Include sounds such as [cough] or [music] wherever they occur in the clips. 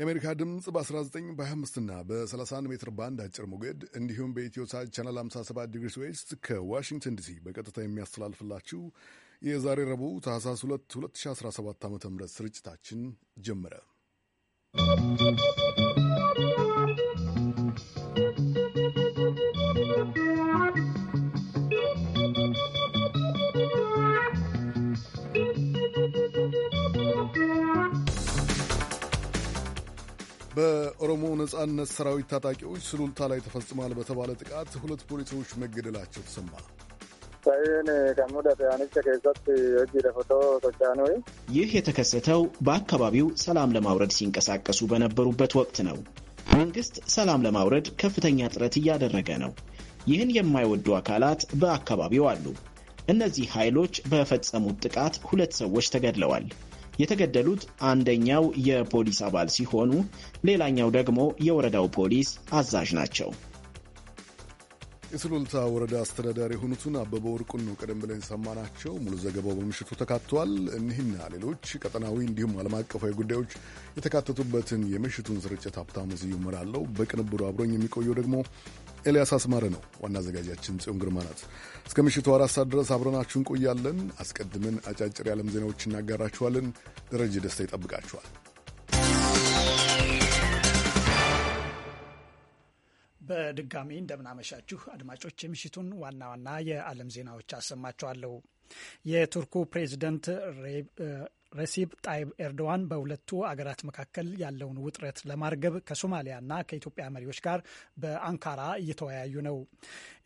የአሜሪካ ድምፅ በ19 በ25ና በ31 ሜትር ባንድ አጭር ሞገድ እንዲሁም በኢትዮ በኢትዮሳ ቻናል 57 ዲግሪ ስዌስት ከዋሽንግተን ዲሲ በቀጥታ የሚያስተላልፍላችሁ የዛሬ ረቡዕ ታህሳስ 2 2017 ዓ ም ስርጭታችን ጀመረ። በኦሮሞ ነጻነት ሰራዊት ታጣቂዎች ስሉልታ ላይ ተፈጽሟል በተባለ ጥቃት ሁለት ፖሊሶች መገደላቸው ተሰማ። ይህ የተከሰተው በአካባቢው ሰላም ለማውረድ ሲንቀሳቀሱ በነበሩበት ወቅት ነው። መንግስት ሰላም ለማውረድ ከፍተኛ ጥረት እያደረገ ነው። ይህን የማይወዱ አካላት በአካባቢው አሉ። እነዚህ ኃይሎች በፈጸሙት ጥቃት ሁለት ሰዎች ተገድለዋል። የተገደሉት አንደኛው የፖሊስ አባል ሲሆኑ፣ ሌላኛው ደግሞ የወረዳው ፖሊስ አዛዥ ናቸው። የስሉልታ ወረዳ አስተዳዳሪ የሆኑትን አበበ ወርቁን ነው ቀደም ብለን ሰማናቸው። ሙሉ ዘገባው በምሽቱ ተካቷል። እኒህና ሌሎች ቀጠናዊ እንዲሁም ዓለም አቀፋዊ ጉዳዮች የተካተቱበትን የምሽቱን ስርጭት ሀብታሙ ዝዩ እመራለሁ። በቅንብሩ አብሮኝ የሚቆየው ደግሞ ኤልያስ አስማረ ነው። ዋና አዘጋጃችን ጽዮን ግርማ ናት። እስከ ምሽቱ አራት ሰዓት ድረስ አብረናችሁ እንቆያለን። አስቀድመን አጫጭር የዓለም ዜናዎች እናጋራችኋለን። ደረጀ ደስታ ይጠብቃችኋል። በድጋሚ እንደምናመሻችሁ አድማጮች፣ የምሽቱን ዋና ዋና የዓለም ዜናዎች አሰማችኋለሁ። የቱርኩ ፕሬዚደንት ረሲብ ጣይብ ኤርዶዋን በሁለቱ አገራት መካከል ያለውን ውጥረት ለማርገብ ከሶማሊያና ከኢትዮጵያ መሪዎች ጋር በአንካራ እየተወያዩ ነው።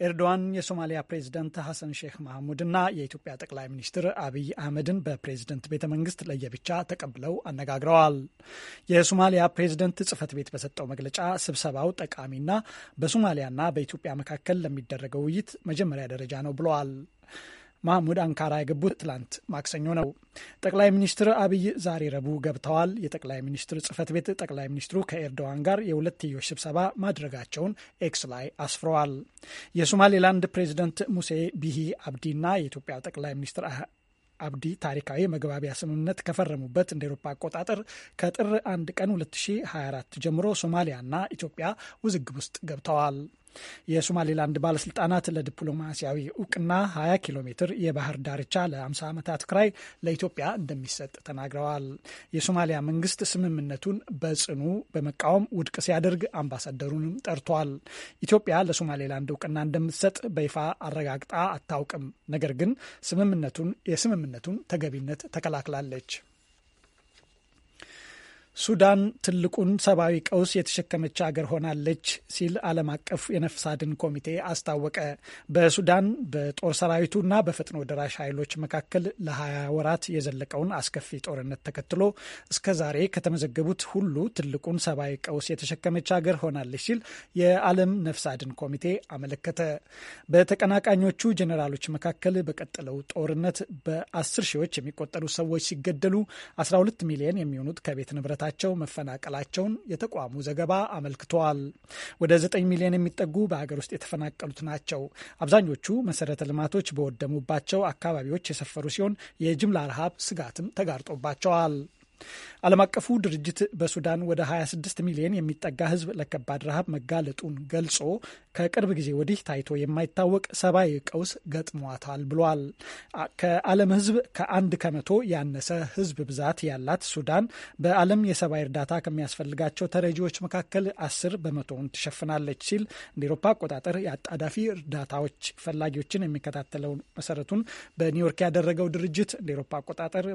ኤርዶዋን የሶማሊያ ፕሬዚደንት ሐሰን ሼክ መሐሙድና የኢትዮጵያ ጠቅላይ ሚኒስትር አብይ አህመድን በፕሬዝደንት ቤተ መንግስት ለየብቻ ተቀብለው አነጋግረዋል። የሶማሊያ ፕሬዝደንት ጽህፈት ቤት በሰጠው መግለጫ ስብሰባው ጠቃሚና በሶማሊያና በኢትዮጵያ መካከል ለሚደረገው ውይይት መጀመሪያ ደረጃ ነው ብለዋል። መሐሙድ አንካራ የገቡት ትላንት ማክሰኞ ነው። ጠቅላይ ሚኒስትር አብይ ዛሬ ረቡዕ ገብተዋል። የጠቅላይ ሚኒስትር ጽህፈት ቤት ጠቅላይ ሚኒስትሩ ከኤርዶዋን ጋር የሁለትዮሽ ስብሰባ ማድረጋቸውን ኤክስ ላይ አስፍረዋል። የሶማሌላንድ ፕሬዚደንት ሙሴ ቢሂ አብዲና የኢትዮጵያ ጠቅላይ ሚኒስትር አብዲ ታሪካዊ መግባቢያ ስምምነት ከፈረሙበት እንደ ኤሮፓ አቆጣጠር ከጥር 1 ቀን 2024 ጀምሮ ሶማሊያና ኢትዮጵያ ውዝግብ ውስጥ ገብተዋል። የሶማሌላንድ ባለስልጣናት ለዲፕሎማሲያዊ እውቅና 20 ኪሎ ሜትር የባህር ዳርቻ ለ50 ዓመታት ክራይ ለኢትዮጵያ እንደሚሰጥ ተናግረዋል። የሶማሊያ መንግስት ስምምነቱን በጽኑ በመቃወም ውድቅ ሲያደርግ አምባሳደሩንም ጠርቷል። ኢትዮጵያ ለሶማሌላንድ እውቅና እንደምትሰጥ በይፋ አረጋግጣ አታውቅም፣ ነገር ግን ስምምነቱን የስምምነቱን ተገቢነት ተከላክላለች። ሱዳን ትልቁን ሰብአዊ ቀውስ የተሸከመች አገር ሆናለች ሲል ዓለም አቀፍ የነፍስ አድን ኮሚቴ አስታወቀ። በሱዳን በጦር ሰራዊቱና በፈጥኖ ደራሽ ኃይሎች መካከል ለ20 ወራት የዘለቀውን አስከፊ ጦርነት ተከትሎ እስከ ዛሬ ከተመዘገቡት ሁሉ ትልቁን ሰብአዊ ቀውስ የተሸከመች አገር ሆናለች ሲል የዓለም ነፍስ አድን ኮሚቴ አመለከተ። በተቀናቃኞቹ ጀኔራሎች መካከል በቀጠለው ጦርነት በአስር ሺዎች የሚቆጠሩ ሰዎች ሲገደሉ 12 ሚሊዮን የሚሆኑት ከቤት ንብረት ከቤታቸው መፈናቀላቸውን የተቋሙ ዘገባ አመልክተዋል። ወደ 9 ሚሊዮን የሚጠጉ በሀገር ውስጥ የተፈናቀሉት ናቸው። አብዛኞቹ መሰረተ ልማቶች በወደሙባቸው አካባቢዎች የሰፈሩ ሲሆን የጅምላ ረሃብ ስጋትም ተጋርጦባቸዋል። ዓለም አቀፉ ድርጅት በሱዳን ወደ 26 ሚሊዮን የሚጠጋ ሕዝብ ለከባድ ረሃብ መጋለጡን ገልጾ ከቅርብ ጊዜ ወዲህ ታይቶ የማይታወቅ ሰብአዊ ቀውስ ገጥሟታል ብሏል። ከዓለም ሕዝብ ከአንድ ከመቶ ያነሰ ሕዝብ ብዛት ያላት ሱዳን በዓለም የሰብአዊ እርዳታ ከሚያስፈልጋቸው ተረጂዎች መካከል አስር በመቶውን ትሸፍናለች ሲል እንደ ኤሮፓ አቆጣጠር የአጣዳፊ እርዳታዎች ፈላጊዎችን የሚከታተለው መሰረቱን በኒውዮርክ ያደረገው ድርጅት እንደ ኤሮፓ አቆጣጠር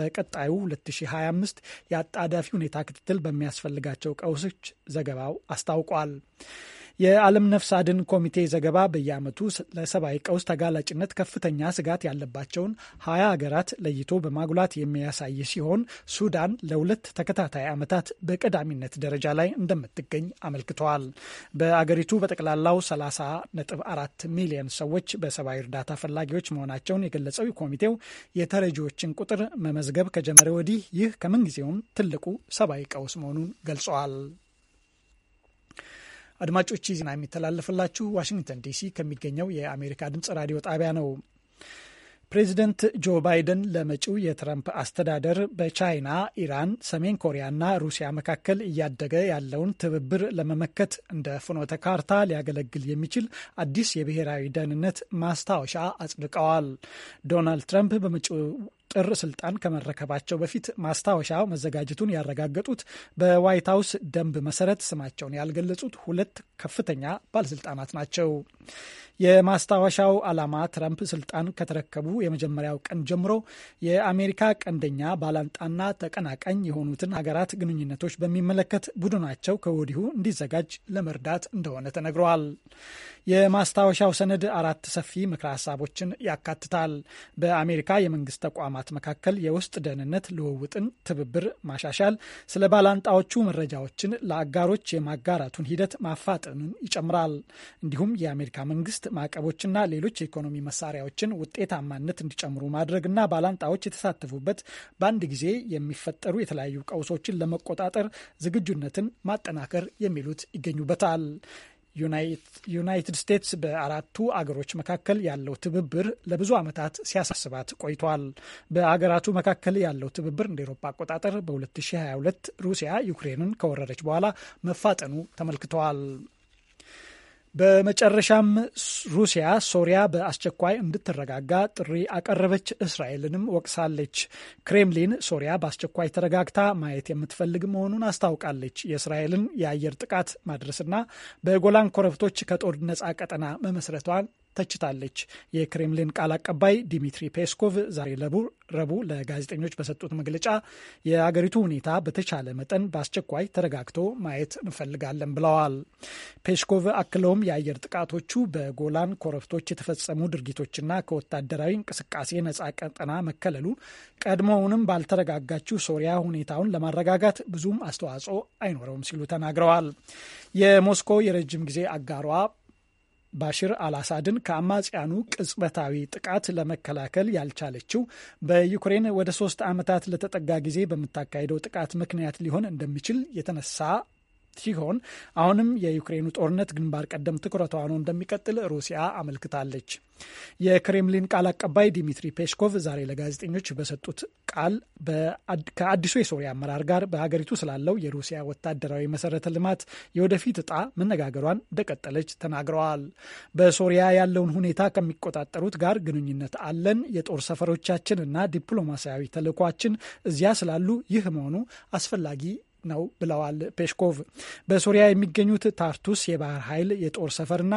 በቀጣዩ 2020 25 የአጣዳፊ ሁኔታ ክትትል በሚያስፈልጋቸው ቀውሶች ዘገባው አስታውቋል። የዓለም ነፍስ አድን ኮሚቴ ዘገባ በየዓመቱ ለሰብአዊ ቀውስ ተጋላጭነት ከፍተኛ ስጋት ያለባቸውን ሀያ ሀገራት ለይቶ በማጉላት የሚያሳይ ሲሆን ሱዳን ለሁለት ተከታታይ ዓመታት በቀዳሚነት ደረጃ ላይ እንደምትገኝ አመልክተዋል። በአገሪቱ በጠቅላላው 30.4 ሚሊዮን ሰዎች በሰብአዊ እርዳታ ፈላጊዎች መሆናቸውን የገለጸው ኮሚቴው የተረጂዎችን ቁጥር መመዝገብ ከጀመረ ወዲህ ይህ ከምንጊዜውም ትልቁ ሰብአዊ ቀውስ መሆኑን ገልጸዋል። አድማጮች ዜና የሚተላለፍላችሁ ዋሽንግተን ዲሲ ከሚገኘው የአሜሪካ ድምጽ ራዲዮ ጣቢያ ነው። ፕሬዚደንት ጆ ባይደን ለመጪው የትራምፕ አስተዳደር በቻይና፣ ኢራን፣ ሰሜን ኮሪያና ሩሲያ መካከል እያደገ ያለውን ትብብር ለመመከት እንደ ፍኖተ ካርታ ሊያገለግል የሚችል አዲስ የብሔራዊ ደህንነት ማስታወሻ አጽድቀዋል። ዶናልድ ትራምፕ በመጪው ጥር ስልጣን ከመረከባቸው በፊት ማስታወሻ መዘጋጀቱን ያረጋገጡት በዋይት ሀውስ ደንብ መሰረት ስማቸውን ያልገለጹት ሁለት ከፍተኛ ባለስልጣናት ናቸው። የማስታወሻው ዓላማ ትራምፕ ስልጣን ከተረከቡ የመጀመሪያው ቀን ጀምሮ የአሜሪካ ቀንደኛ ባላንጣና ተቀናቃኝ የሆኑትን ሀገራት ግንኙነቶች በሚመለከት ቡድናቸው ከወዲሁ እንዲዘጋጅ ለመርዳት እንደሆነ ተነግረዋል። የማስታወሻው ሰነድ አራት ሰፊ ምክረ ሀሳቦችን ያካትታል። በአሜሪካ የመንግስት ተቋማ ተቋማት መካከል የውስጥ ደህንነት ልውውጥን፣ ትብብር ማሻሻል፣ ስለ ባላንጣዎቹ መረጃዎችን ለአጋሮች የማጋራቱን ሂደት ማፋጠኑን ይጨምራል። እንዲሁም የአሜሪካ መንግስት ማዕቀቦችና ሌሎች የኢኮኖሚ መሳሪያዎችን ውጤታማነት እንዲጨምሩ ማድረግና ባላንጣዎች የተሳተፉበት በአንድ ጊዜ የሚፈጠሩ የተለያዩ ቀውሶችን ለመቆጣጠር ዝግጁነትን ማጠናከር የሚሉት ይገኙበታል። ዩናይትድ ስቴትስ በአራቱ አገሮች መካከል ያለው ትብብር ለብዙ ዓመታት ሲያሳስባት ቆይቷል። በአገራቱ መካከል ያለው ትብብር እንደ ኤሮፓ አቆጣጠር በ2022 ሩሲያ ዩክሬንን ከወረረች በኋላ መፋጠኑ ተመልክተዋል። በመጨረሻም ሩሲያ ሶሪያ በአስቸኳይ እንድትረጋጋ ጥሪ አቀረበች፣ እስራኤልንም ወቅሳለች። ክሬምሊን ሶሪያ በአስቸኳይ ተረጋግታ ማየት የምትፈልግ መሆኑን አስታውቃለች። የእስራኤልን የአየር ጥቃት ማድረስና በጎላን ኮረብቶች ከጦር ነጻ ቀጠና መመስረቷን ተችታለች። የክሬምሊን ቃል አቀባይ ዲሚትሪ ፔስኮቭ ዛሬ ረቡዕ ለጋዜጠኞች በሰጡት መግለጫ የአገሪቱ ሁኔታ በተቻለ መጠን በአስቸኳይ ተረጋግቶ ማየት እንፈልጋለን ብለዋል። ፔስኮቭ አክለውም የአየር ጥቃቶቹ በጎላን ኮረብቶች የተፈጸሙ ድርጊቶችና ከወታደራዊ እንቅስቃሴ ነጻ ቀጠና መከለሉ ቀድሞውንም ባልተረጋጋችው ሶሪያ ሁኔታውን ለማረጋጋት ብዙም አስተዋጽኦ አይኖረውም ሲሉ ተናግረዋል። የሞስኮ የረጅም ጊዜ አጋሯ ባሽር አልአሳድን ከአማጽያኑ ቅጽበታዊ ጥቃት ለመከላከል ያልቻለችው በዩክሬን ወደ ሶስት ዓመታት ለተጠጋ ጊዜ በምታካሄደው ጥቃት ምክንያት ሊሆን እንደሚችል የተነሳ ሲሆን አሁንም የዩክሬኑ ጦርነት ግንባር ቀደም ትኩረቷ ሆኖ እንደሚቀጥል ሩሲያ አመልክታለች። የክሬምሊን ቃል አቀባይ ዲሚትሪ ፔስኮቭ ዛሬ ለጋዜጠኞች በሰጡት ቃል ከአዲሱ የሶሪያ አመራር ጋር በሀገሪቱ ስላለው የሩሲያ ወታደራዊ መሰረተ ልማት የወደፊት እጣ መነጋገሯን እንደቀጠለች ተናግረዋል። በሶሪያ ያለውን ሁኔታ ከሚቆጣጠሩት ጋር ግንኙነት አለን። የጦር ሰፈሮቻችን እና ዲፕሎማሲያዊ ተልኳችን እዚያ ስላሉ ይህ መሆኑ አስፈላጊ ነው ብለዋል ፔሽኮቭ። በሱሪያ የሚገኙት ታርቱስ የባህር ኃይል የጦር ሰፈርና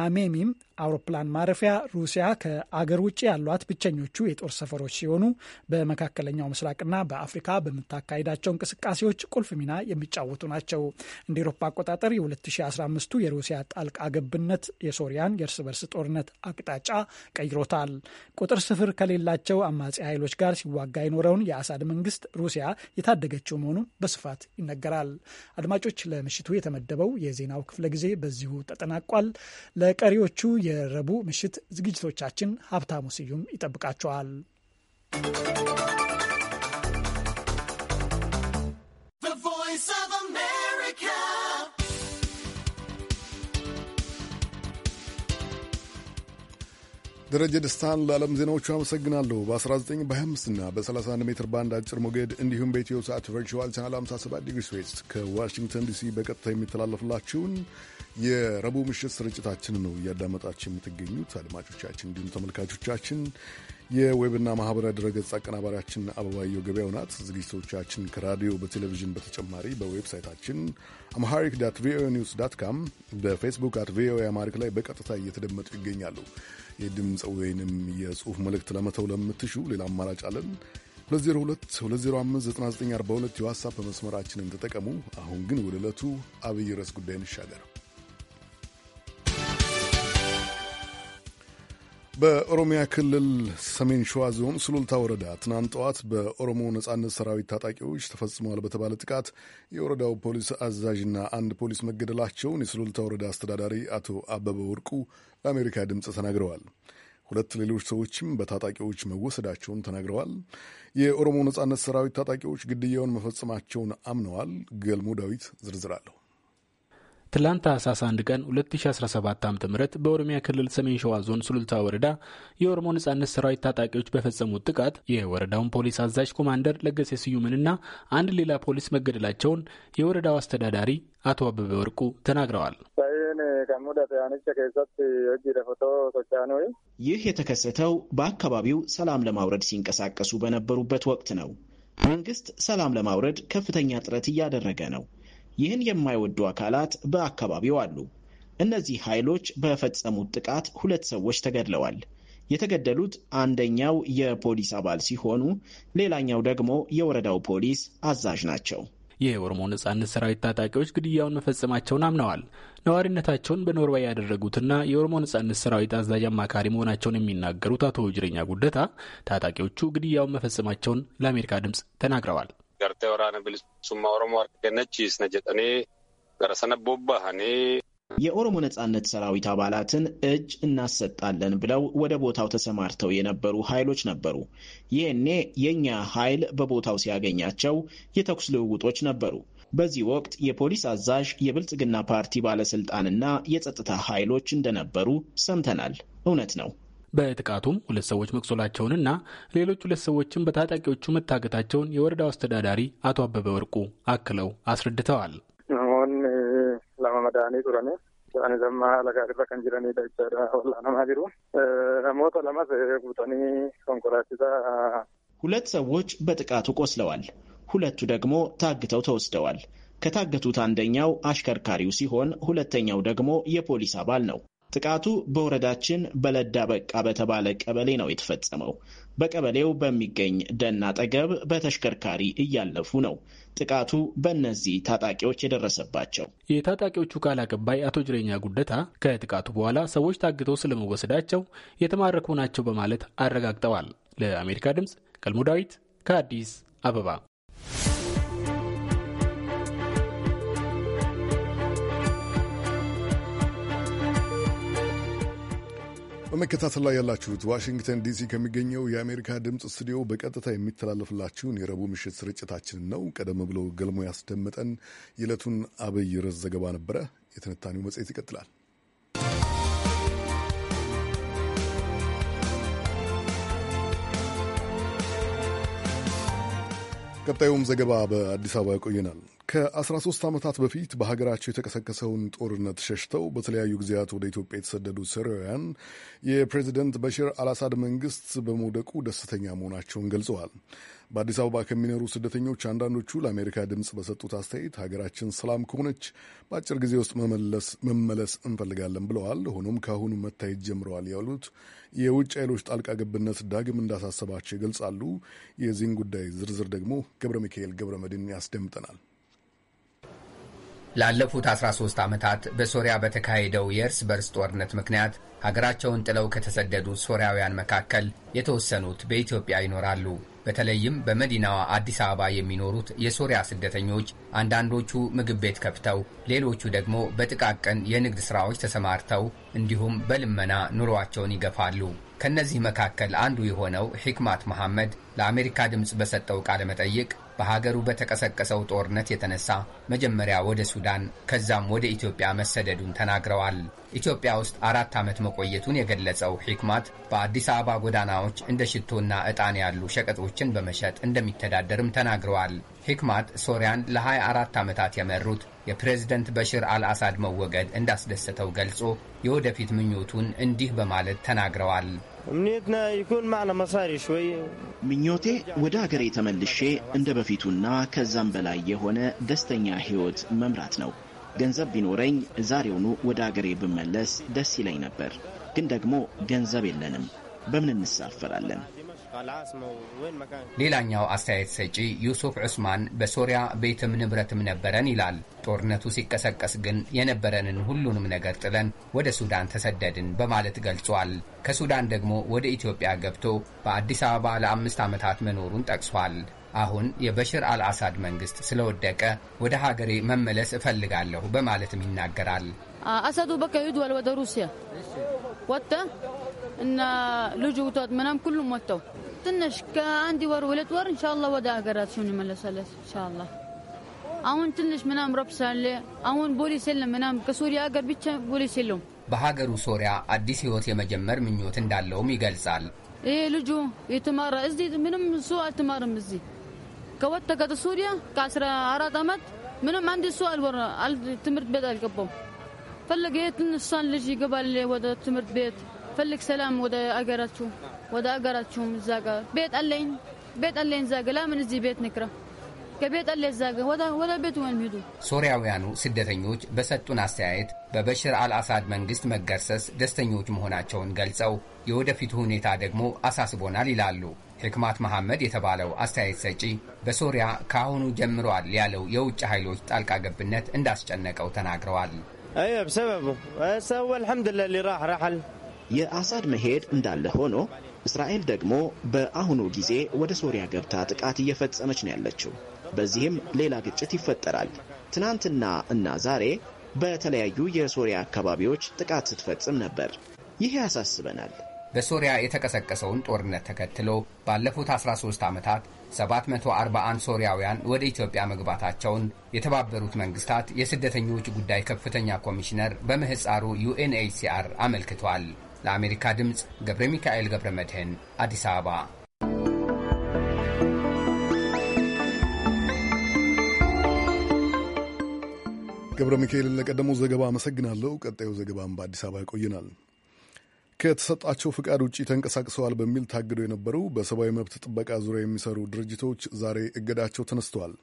ሃሜሚም አውሮፕላን ማረፊያ ሩሲያ ከአገር ውጭ ያሏት ብቸኞቹ የጦር ሰፈሮች ሲሆኑ በመካከለኛው ምስራቅና በአፍሪካ በምታካሄዳቸው እንቅስቃሴዎች ቁልፍ ሚና የሚጫወቱ ናቸው። እንደ ኤሮፓ አቆጣጠር የ2015ቱ የሩሲያ ጣልቃ ገብነት የሶሪያን የእርስ በርስ ጦርነት አቅጣጫ ቀይሮታል። ቁጥር ስፍር ከሌላቸው አማጺ ኃይሎች ጋር ሲዋጋ የኖረውን የአሳድ መንግስት ሩሲያ የታደገችው መሆኑን በስፋት ይነገራል። አድማጮች፣ ለምሽቱ የተመደበው የዜናው ክፍለ ጊዜ በዚሁ ተጠናቋል። ለቀሪዎቹ የረቡዕ ምሽት ዝግጅቶቻችን ሀብታሙ ስዩም ይጠብቃቸዋል። ደረጀ ደስታን ለዓለም ዜናዎቹ አመሰግናለሁ። በ19 በ25 እና በ31 ሜትር ባንድ አጭር ሞገድ እንዲሁም በኢትዮ ሰዓት ቨርቹዋል ቻናል 57 ዲግሪ ስዌስት ከዋሽንግተን ዲሲ በቀጥታ የሚተላለፍላችሁን የረቡዕ ምሽት ስርጭታችን ነው እያዳመጣችሁ የምትገኙት አድማጮቻችን፣ እንዲሁም ተመልካቾቻችን። የዌብና ማህበራዊ ድረገጽ አቀናባሪያችን አበባየው ገበያው ናት። ዝግጅቶቻችን ከራዲዮ በቴሌቪዥን በተጨማሪ በዌብሳይታችን አምሃሪክ ዳት ቪኦኤ ኒውስ ዳት ካም፣ በፌስቡክ አት ቪኦኤ አማሪክ ላይ በቀጥታ እየተደመጡ ይገኛሉ። የድምፅ ወይንም የጽሁፍ መልእክት ለመተው ለምትሹ ሌላ አማራጭ አለን። 2022059942 የዋትሳፕ መስመራችንን ተጠቀሙ። አሁን ግን ወደ ዕለቱ አብይ ርዕስ ጉዳይ እንሻገር። በኦሮሚያ ክልል ሰሜን ሸዋ ዞን ስሉልታ ወረዳ ትናንት ጠዋት በኦሮሞ ነጻነት ሰራዊት ታጣቂዎች ተፈጽመዋል በተባለ ጥቃት የወረዳው ፖሊስ አዛዥና አንድ ፖሊስ መገደላቸውን የስሉልታ ወረዳ አስተዳዳሪ አቶ አበበ ወርቁ ለአሜሪካ ድምፅ ተናግረዋል። ሁለት ሌሎች ሰዎችም በታጣቂዎች መወሰዳቸውን ተናግረዋል። የኦሮሞ ነጻነት ሰራዊት ታጣቂዎች ግድያውን መፈጸማቸውን አምነዋል። ገልሞ ዳዊት ዝርዝር አለሁ ትላንት ታህሳስ 1 ቀን 2017 ዓ.ም በኦሮሚያ ክልል ሰሜን ሸዋ ዞን ሱሉልታ ወረዳ የኦሮሞ ነጻነት ሰራዊት ታጣቂዎች በፈጸሙት ጥቃት የወረዳውን ፖሊስ አዛዥ ኮማንደር ለገሴ ስዩምንና አንድ ሌላ ፖሊስ መገደላቸውን የወረዳው አስተዳዳሪ አቶ አበበ ወርቁ ተናግረዋል። ይህ የተከሰተው በአካባቢው ሰላም ለማውረድ ሲንቀሳቀሱ በነበሩበት ወቅት ነው። መንግስት ሰላም ለማውረድ ከፍተኛ ጥረት እያደረገ ነው። ይህን የማይወዱ አካላት በአካባቢው አሉ። እነዚህ ኃይሎች በፈጸሙት ጥቃት ሁለት ሰዎች ተገድለዋል። የተገደሉት አንደኛው የፖሊስ አባል ሲሆኑ ሌላኛው ደግሞ የወረዳው ፖሊስ አዛዥ ናቸው። የኦሮሞ ነጻነት ሰራዊት ታጣቂዎች ግድያውን መፈጸማቸውን አምነዋል። ነዋሪነታቸውን በኖርዌይ ያደረጉትና የኦሮሞ ነጻነት ሰራዊት አዛዥ አማካሪ መሆናቸውን የሚናገሩት አቶ ውጅረኛ ጉደታ ታጣቂዎቹ ግድያውን መፈጸማቸውን ለአሜሪካ ድምፅ ተናግረዋል። gartee waraana bilisummaa oromoo harka kennachiisne jedhanii gara sana bobbahanii የኦሮሞ ነጻነት ሰራዊት አባላትን እጅ እናሰጣለን ብለው ወደ ቦታው ተሰማርተው የነበሩ ኃይሎች ነበሩ። ይህኔ የእኛ ኃይል በቦታው ሲያገኛቸው የተኩስ ልውውጦች ነበሩ። በዚህ ወቅት የፖሊስ አዛዥ፣ የብልጽግና ፓርቲ ባለስልጣንና የጸጥታ ኃይሎች እንደነበሩ ሰምተናል። እውነት ነው። በጥቃቱም ሁለት ሰዎች መቁሰላቸውንና ሌሎች ሁለት ሰዎችም በታጣቂዎቹ መታገታቸውን የወረዳው አስተዳዳሪ አቶ አበበ ወርቁ አክለው አስረድተዋል። ሁለት ሰዎች በጥቃቱ ቆስለዋል። ሁለቱ ደግሞ ታግተው ተወስደዋል። ከታገቱት አንደኛው አሽከርካሪው ሲሆን ሁለተኛው ደግሞ የፖሊስ አባል ነው። ጥቃቱ በወረዳችን በለዳ በቃ በተባለ ቀበሌ ነው የተፈጸመው። በቀበሌው በሚገኝ ደን አጠገብ በተሽከርካሪ እያለፉ ነው ጥቃቱ በእነዚህ ታጣቂዎች የደረሰባቸው። የታጣቂዎቹ ቃል አቀባይ አቶ ጅሬኛ ጉደታ ከጥቃቱ በኋላ ሰዎች ታግተው ስለመወሰዳቸው የተማረኩ ናቸው በማለት አረጋግጠዋል። ለአሜሪካ ድምፅ ገልሞ ዳዊት ከአዲስ አበባ በመከታተል ላይ ያላችሁት ዋሽንግተን ዲሲ ከሚገኘው የአሜሪካ ድምፅ ስቱዲዮ በቀጥታ የሚተላለፍላችሁን የረቡዕ ምሽት ስርጭታችንን ነው። ቀደም ብሎ ገልሞ ያስደመጠን የዕለቱን አብይ ርዕስ ዘገባ ነበረ። የትንታኔው መጽሔት ይቀጥላል። ቀጣዩም ዘገባ በአዲስ አበባ ያቆየናል። ከ13 ዓመታት በፊት በሀገራቸው የተቀሰቀሰውን ጦርነት ሸሽተው በተለያዩ ጊዜያት ወደ ኢትዮጵያ የተሰደዱ ሶሪያውያን የፕሬዚደንት በሽር አልአሳድ መንግስት በመውደቁ ደስተኛ መሆናቸውን ገልጸዋል። በአዲስ አበባ ከሚኖሩ ስደተኞች አንዳንዶቹ ለአሜሪካ ድምፅ በሰጡት አስተያየት ሀገራችን ሰላም ከሆነች በአጭር ጊዜ ውስጥ መመለስ እንፈልጋለን ብለዋል። ሆኖም ከአሁኑ መታየት ጀምረዋል ያሉት የውጭ ኃይሎች ጣልቃ ገብነት ዳግም እንዳሳሰባቸው ይገልጻሉ። የዚህን ጉዳይ ዝርዝር ደግሞ ገብረ ሚካኤል ገብረ መድን ያስደምጠናል። ላለፉት 13 ዓመታት በሶሪያ በተካሄደው የእርስ በርስ ጦርነት ምክንያት ሀገራቸውን ጥለው ከተሰደዱት ሶሪያውያን መካከል የተወሰኑት በኢትዮጵያ ይኖራሉ። በተለይም በመዲናዋ አዲስ አበባ የሚኖሩት የሶሪያ ስደተኞች አንዳንዶቹ ምግብ ቤት ከፍተው፣ ሌሎቹ ደግሞ በጥቃቅን የንግድ ሥራዎች ተሰማርተው እንዲሁም በልመና ኑሯቸውን ይገፋሉ። ከእነዚህ መካከል አንዱ የሆነው ሒክማት መሐመድ ለአሜሪካ ድምፅ በሰጠው ቃለ መጠይቅ በሀገሩ በተቀሰቀሰው ጦርነት የተነሳ መጀመሪያ ወደ ሱዳን ከዛም ወደ ኢትዮጵያ መሰደዱን ተናግረዋል። ኢትዮጵያ ውስጥ አራት ዓመት መቆየቱን የገለጸው ሂክማት በአዲስ አበባ ጎዳናዎች እንደ ሽቶና ዕጣን ያሉ ሸቀጦችን በመሸጥ እንደሚተዳደርም ተናግረዋል። ሂክማት ሶሪያን ለ24 ዓመታት የመሩት የፕሬዝደንት በሽር አልአሳድ መወገድ እንዳስደሰተው ገልጾ የወደፊት ምኞቱን እንዲህ በማለት ተናግረዋል። ምኞቴ ወደ አገሬ ተመልሼ እንደ በፊቱና ከዛም በላይ የሆነ ደስተኛ ሕይወት መምራት ነው። ገንዘብ ቢኖረኝ ዛሬውኑ ወደ አገሬ ብመለስ ደስ ይለኝ ነበር። ግን ደግሞ ገንዘብ የለንም። በምን እንሳፈራለን? ሌላኛው አስተያየት ሰጪ ዩሱፍ ዑስማን በሶሪያ ቤትም ንብረትም ነበረን ይላል። ጦርነቱ ሲቀሰቀስ ግን የነበረንን ሁሉንም ነገር ጥለን ወደ ሱዳን ተሰደድን በማለት ገልጿል። ከሱዳን ደግሞ ወደ ኢትዮጵያ ገብቶ በአዲስ አበባ ለአምስት ዓመታት መኖሩን ጠቅሷል። አሁን የበሽር አልአሳድ መንግስት ስለወደቀ ወደ ሀገሬ መመለስ እፈልጋለሁ በማለትም ይናገራል። አሰዱ በከ ሂድ ወደ ሩሲያ ወጥተ እና ልጁ ምናም ሁሉም ወጥተው ትንሽ ከአንድ ወር ሁለት ወር እንሻላ ወደ ሀገራችን ይመለሳለች እንሻላ። አሁን ትንሽ ምናም ረብሻ አለ። አሁን ፖሊስ የለም ምናም ከሶሪያ ሀገር ብቻ ፖሊስ የለውም። በሀገሩ ሶሪያ አዲስ ህይወት የመጀመር ምኞት እንዳለውም ይገልጻል። ይሄ ልጁ የተማረ እዚህ ምንም እሱ አልተማርም። እዚህ ከወጣ ከሱሪያ ከአስራ አራት ዓመት ምንም አንድ እሱ አልወራ ትምህርት ቤት አልገባም። ፈለግ ይህ ልጅ ይገባል ወደ ትምህርት ቤት ፈልግ ሰላም ወደ አገራችሁ ወደ አገራችሁም እዛ ጋ ቤት አለኝ ቤት አለኝ እዛ ጋ ለምን እዚህ ቤት ንክረ ከቤት አለ እዛ ጋ ወደ ወን ሄዱ። ሶሪያውያኑ ስደተኞች በሰጡን አስተያየት በበሽር አልአሳድ መንግስት መገርሰስ ደስተኞች መሆናቸውን ገልጸው የወደፊቱ ሁኔታ ደግሞ አሳስቦናል ይላሉ። ሕክማት መሐመድ የተባለው አስተያየት ሰጪ በሶሪያ ከአሁኑ ጀምሯል ያለው የውጭ ኃይሎች ጣልቃ ገብነት እንዳስጨነቀው ተናግረዋል። በሰበቡ ሰው ሊራህ ራል የአሳድ መሄድ እንዳለ ሆኖ እስራኤል ደግሞ በአሁኑ ጊዜ ወደ ሶሪያ ገብታ ጥቃት እየፈጸመች ነው ያለችው። በዚህም ሌላ ግጭት ይፈጠራል። ትናንትና እና ዛሬ በተለያዩ የሶሪያ አካባቢዎች ጥቃት ስትፈጽም ነበር። ይህ ያሳስበናል። በሶሪያ የተቀሰቀሰውን ጦርነት ተከትሎ ባለፉት 13 ዓመታት 741 ሶሪያውያን ወደ ኢትዮጵያ መግባታቸውን የተባበሩት መንግስታት የስደተኞች ጉዳይ ከፍተኛ ኮሚሽነር በምህፃሩ ዩኤንኤችሲአር አመልክቷል። ለአሜሪካ ድምፅ ገብረ ሚካኤል ገብረ መድህን አዲስ አበባ። ገብረ ሚካኤልን ለቀደመው ዘገባ አመሰግናለሁ። ቀጣዩ ዘገባም በአዲስ አበባ ይቆየናል። ከተሰጣቸው ፍቃድ ውጭ ተንቀሳቅሰዋል በሚል ታግደው የነበሩ በሰብአዊ መብት ጥበቃ ዙሪያ የሚሰሩ ድርጅቶች ዛሬ እገዳቸው ተነስተዋል።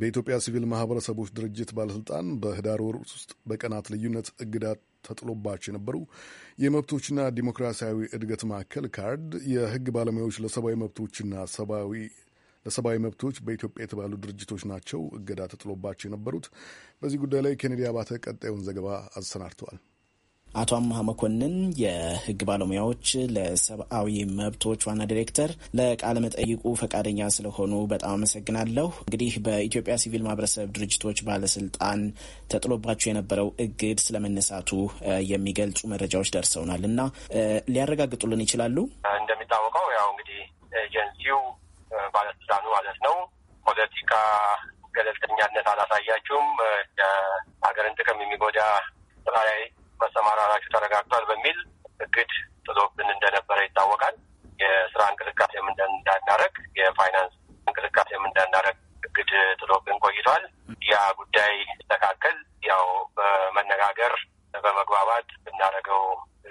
በኢትዮጵያ ሲቪል ማህበረሰቦች ድርጅት ባለሥልጣን በህዳር ወር ውስጥ በቀናት ልዩነት እግዳት ተጥሎባቸው የነበሩ የመብቶችና ዲሞክራሲያዊ እድገት ማዕከል ካርድ የህግ ባለሙያዎች ለሰብአዊ መብቶችና ሰብአዊ ለሰብአዊ መብቶች በኢትዮጵያ የተባሉ ድርጅቶች ናቸው እገዳ ተጥሎባቸው የነበሩት። በዚህ ጉዳይ ላይ ኬኔዲ አባተ ቀጣዩን ዘገባ አሰናድተዋል። አቶ አማ መኮንን የህግ ባለሙያዎች ለሰብአዊ መብቶች ዋና ዲሬክተር ለቃለ መጠይቁ ፈቃደኛ ስለሆኑ በጣም አመሰግናለሁ። እንግዲህ በኢትዮጵያ ሲቪል ማህበረሰብ ድርጅቶች ባለስልጣን ተጥሎባቸው የነበረው እግድ ስለመነሳቱ የሚገልጹ መረጃዎች ደርሰውናል እና ሊያረጋግጡልን ይችላሉ? እንደሚታወቀው ያው እንግዲህ ኤጀንሲው ባለስልጣኑ ማለት ነው ፖለቲካ ገለልተኛነት አላሳያችሁም፣ የሀገርን ጥቅም የሚጎዳ ስራ ላይ መሰማራታችሁ ተረጋግቷል በሚል እግድ ጥሎብን እንደነበረ ይታወቃል። የስራ እንቅስቃሴም እንዳናረግ፣ የፋይናንስ እንቅስቃሴም እንዳናረግ እግድ ጥሎብን ቆይቷል። ያ ጉዳይ ሲስተካከል ያው በመነጋገር በመግባባት ብናደርገው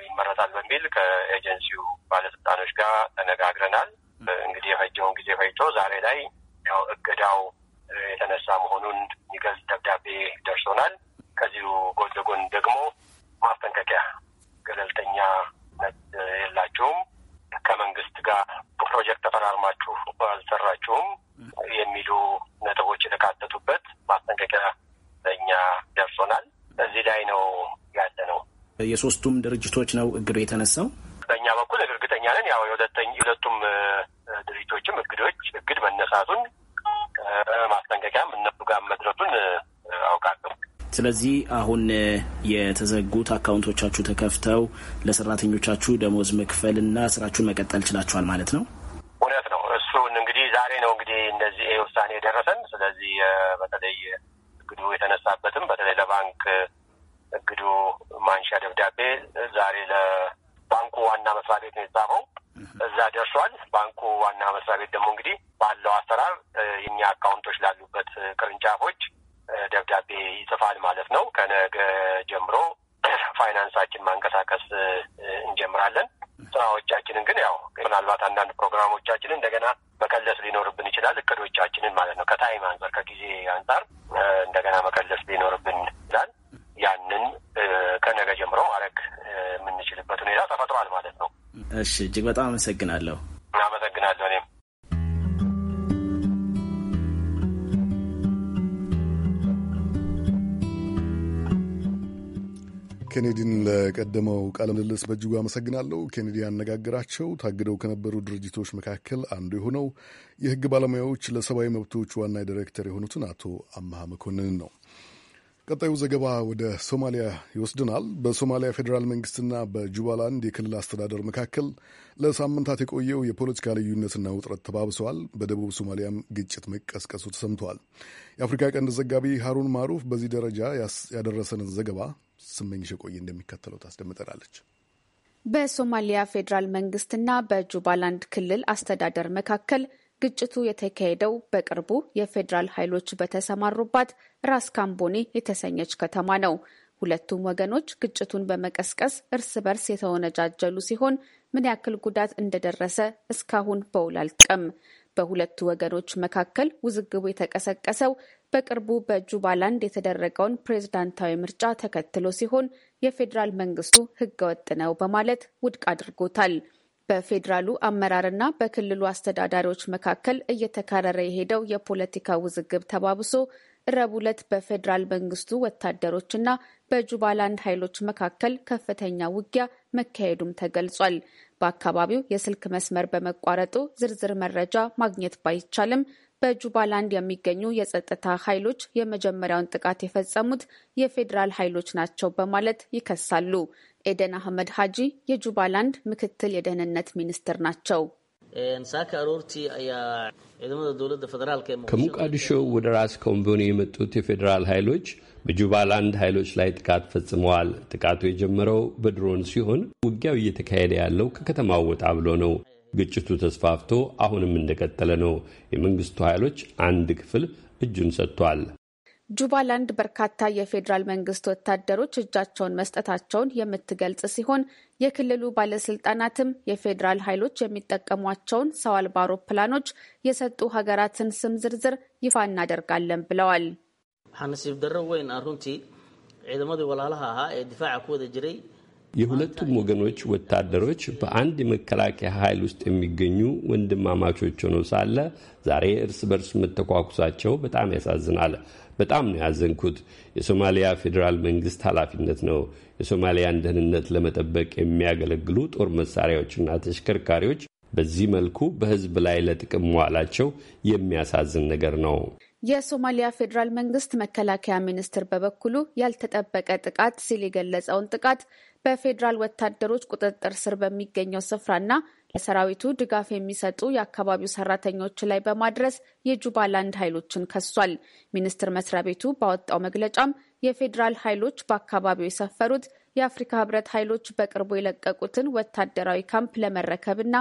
ይመረጣል በሚል ከኤጀንሲው ባለስልጣኖች ጋር ተነጋግረናል። እንግዲህ የፈጀውን ጊዜ ፈጅቶ ዛሬ ላይ ያው እገዳው የተነሳ መሆኑን የሚገልጽ ደብዳቤ ደርሶናል። ከዚሁ ጎን ለጎን ደግሞ ማስጠንቀቂያ ገለልተኛ የላችሁም ከመንግስት ጋር ፕሮጀክት ተፈራርማችሁ አልሰራችሁም የሚሉ ነጥቦች የተካተቱበት ማስጠንቀቂያ ለእኛ ደርሶናል። እዚህ ላይ ነው ያለ ነው። የሶስቱም ድርጅቶች ነው እግዱ የተነሳው። በእኛ በኩል እርግጠኛ ነን። ያው የሁለቱም ድርጅቶችም እግዶች እግድ መነሳቱን ማስጠንቀቂያም እነሱ ጋር መድረቱን አውቃለሁ። ስለዚህ አሁን የተዘጉት አካውንቶቻችሁ ተከፍተው ለሰራተኞቻችሁ ደሞዝ መክፈል እና ስራችሁን መቀጠል ችላችኋል ማለት ነው። እውነት ነው። እሱን እንግዲህ ዛሬ ነው እንግዲህ እንደዚህ ይህ ውሳኔ የደረሰን። ስለዚህ በተለይ እግዱ የተነሳበትም በተለይ ለባንክ እግዱ ማንሻ ደብዳቤ ዛሬ ለባንኩ ዋና መስሪያ ቤት ነው የተጻፈው። እዛ ደርሷል። ባንኩ ዋና መስሪያ ቤት ደግሞ እንግዲህ ባለው አሰራር የኛ አካውንቶች ላሉበት ቅርንጫፎች ደብዳቤ ይጽፋል ማለት ነው። ከነገ ጀምሮ [clears throat] ፋይናንሳችን ማንቀሳቀስ እንጀምራለን። ስራዎቻችንን ግን ያው ምናልባት አንዳንድ ፕሮግራሞቻችንን እንደገና መከለስ ሊኖርብን ይችላል። እቅዶቻችንን ማለት ነው። ከታይም አንጻር ከጊዜ አንጻር እንደገና መከለስ ሊኖርብን ይችላል። ያንን ከነገ ጀምሮ ማድረግ የምንችልበት ሁኔታ ተፈጥሯል ማለት ነው። እሺ፣ እጅግ በጣም አመሰግናለሁ። አመሰግናለሁ እኔም ኬኔዲን ለቀደመው ቃለ ምልልስ በእጅጉ አመሰግናለሁ። ኬኔዲ ያነጋግራቸው ታግደው ከነበሩ ድርጅቶች መካከል አንዱ የሆነው የህግ ባለሙያዎች ለሰብአዊ መብቶች ዋና ዳይሬክተር የሆኑትን አቶ አመሃ መኮንንን ነው። ቀጣዩ ዘገባ ወደ ሶማሊያ ይወስድናል። በሶማሊያ ፌዴራል መንግስትና በጁባላንድ የክልል አስተዳደር መካከል ለሳምንታት የቆየው የፖለቲካ ልዩነትና ውጥረት ተባብሰዋል። በደቡብ ሶማሊያም ግጭት መቀስቀሱ ተሰምተዋል። የአፍሪካ ቀንድ ዘጋቢ ሃሩን ማሩፍ በዚህ ደረጃ ያደረሰንን ዘገባ ስመኝሽ ቆይ እንደሚከተለው ታስደምጠናለች። በሶማሊያ ፌዴራል መንግስትና በጁባላንድ ክልል አስተዳደር መካከል ግጭቱ የተካሄደው በቅርቡ የፌዴራል ኃይሎች በተሰማሩባት ራስ ካምቦኒ የተሰኘች ከተማ ነው። ሁለቱም ወገኖች ግጭቱን በመቀስቀስ እርስ በርስ የተወነጃጀሉ ሲሆን ምን ያክል ጉዳት እንደደረሰ እስካሁን በውል አልተጠቀም። በሁለቱ ወገኖች መካከል ውዝግቡ የተቀሰቀሰው በቅርቡ በጁባላንድ የተደረገውን ፕሬዝዳንታዊ ምርጫ ተከትሎ ሲሆን የፌዴራል መንግስቱ ህገወጥ ነው በማለት ውድቅ አድርጎታል። በፌዴራሉ አመራርና በክልሉ አስተዳዳሪዎች መካከል እየተካረረ የሄደው የፖለቲካ ውዝግብ ተባብሶ ረቡዕ ዕለት በፌዴራል መንግስቱ ወታደሮችና በጁባላንድ ኃይሎች መካከል ከፍተኛ ውጊያ መካሄዱም ተገልጿል። በአካባቢው የስልክ መስመር በመቋረጡ ዝርዝር መረጃ ማግኘት ባይቻልም በጁባላንድ የሚገኙ የጸጥታ ኃይሎች የመጀመሪያውን ጥቃት የፈጸሙት የፌዴራል ኃይሎች ናቸው በማለት ይከሳሉ። ኤደን አህመድ ሀጂ የጁባላንድ ምክትል የደህንነት ሚኒስትር ናቸው። ከሞቃዲሾ ወደ ራስ ኮምቦኒ የመጡት የፌዴራል ኃይሎች በጁባላንድ ኃይሎች ላይ ጥቃት ፈጽመዋል። ጥቃቱ የጀመረው በድሮን ሲሆን ውጊያው እየተካሄደ ያለው ከከተማው ወጣ ብሎ ነው። ግጭቱ ተስፋፍቶ አሁንም እንደቀጠለ ነው። የመንግስቱ ኃይሎች አንድ ክፍል እጁን ሰጥቷል። ጁባላንድ በርካታ የፌዴራል መንግስት ወታደሮች እጃቸውን መስጠታቸውን የምትገልጽ ሲሆን የክልሉ ባለስልጣናትም የፌዴራል ኃይሎች የሚጠቀሟቸውን ሰው አልባ አውሮፕላኖች የሰጡ ሀገራትን ስም ዝርዝር ይፋ እናደርጋለን ብለዋል። ሐንሲብ ደረ ወይን አሩንቲ ዒደመዲ ወላላሃ ዲፋዕ ኩወደ ጅረይ የሁለቱም ወገኖች ወታደሮች በአንድ የመከላከያ ኃይል ውስጥ የሚገኙ ወንድማማቾች ሆነው ሳለ ዛሬ እርስ በርስ መተኳኩሳቸው በጣም ያሳዝናል። በጣም ነው ያዘንኩት። የሶማሊያ ፌዴራል መንግስት ኃላፊነት ነው። የሶማሊያን ደህንነት ለመጠበቅ የሚያገለግሉ ጦር መሳሪያዎችና ተሽከርካሪዎች በዚህ መልኩ በህዝብ ላይ ለጥቅም መዋላቸው የሚያሳዝን ነገር ነው። የሶማሊያ ፌዴራል መንግስት መከላከያ ሚኒስትር በበኩሉ ያልተጠበቀ ጥቃት ሲል የገለጸውን ጥቃት በፌዴራል ወታደሮች ቁጥጥር ስር በሚገኘው ስፍራና ለሰራዊቱ ድጋፍ የሚሰጡ የአካባቢው ሰራተኞች ላይ በማድረስ የጁባላንድ ኃይሎችን ከሷል። ሚኒስቴር መስሪያ ቤቱ ባወጣው መግለጫም የፌዴራል ኃይሎች በአካባቢው የሰፈሩት የአፍሪካ ህብረት ኃይሎች በቅርቡ የለቀቁትን ወታደራዊ ካምፕ ለመረከብና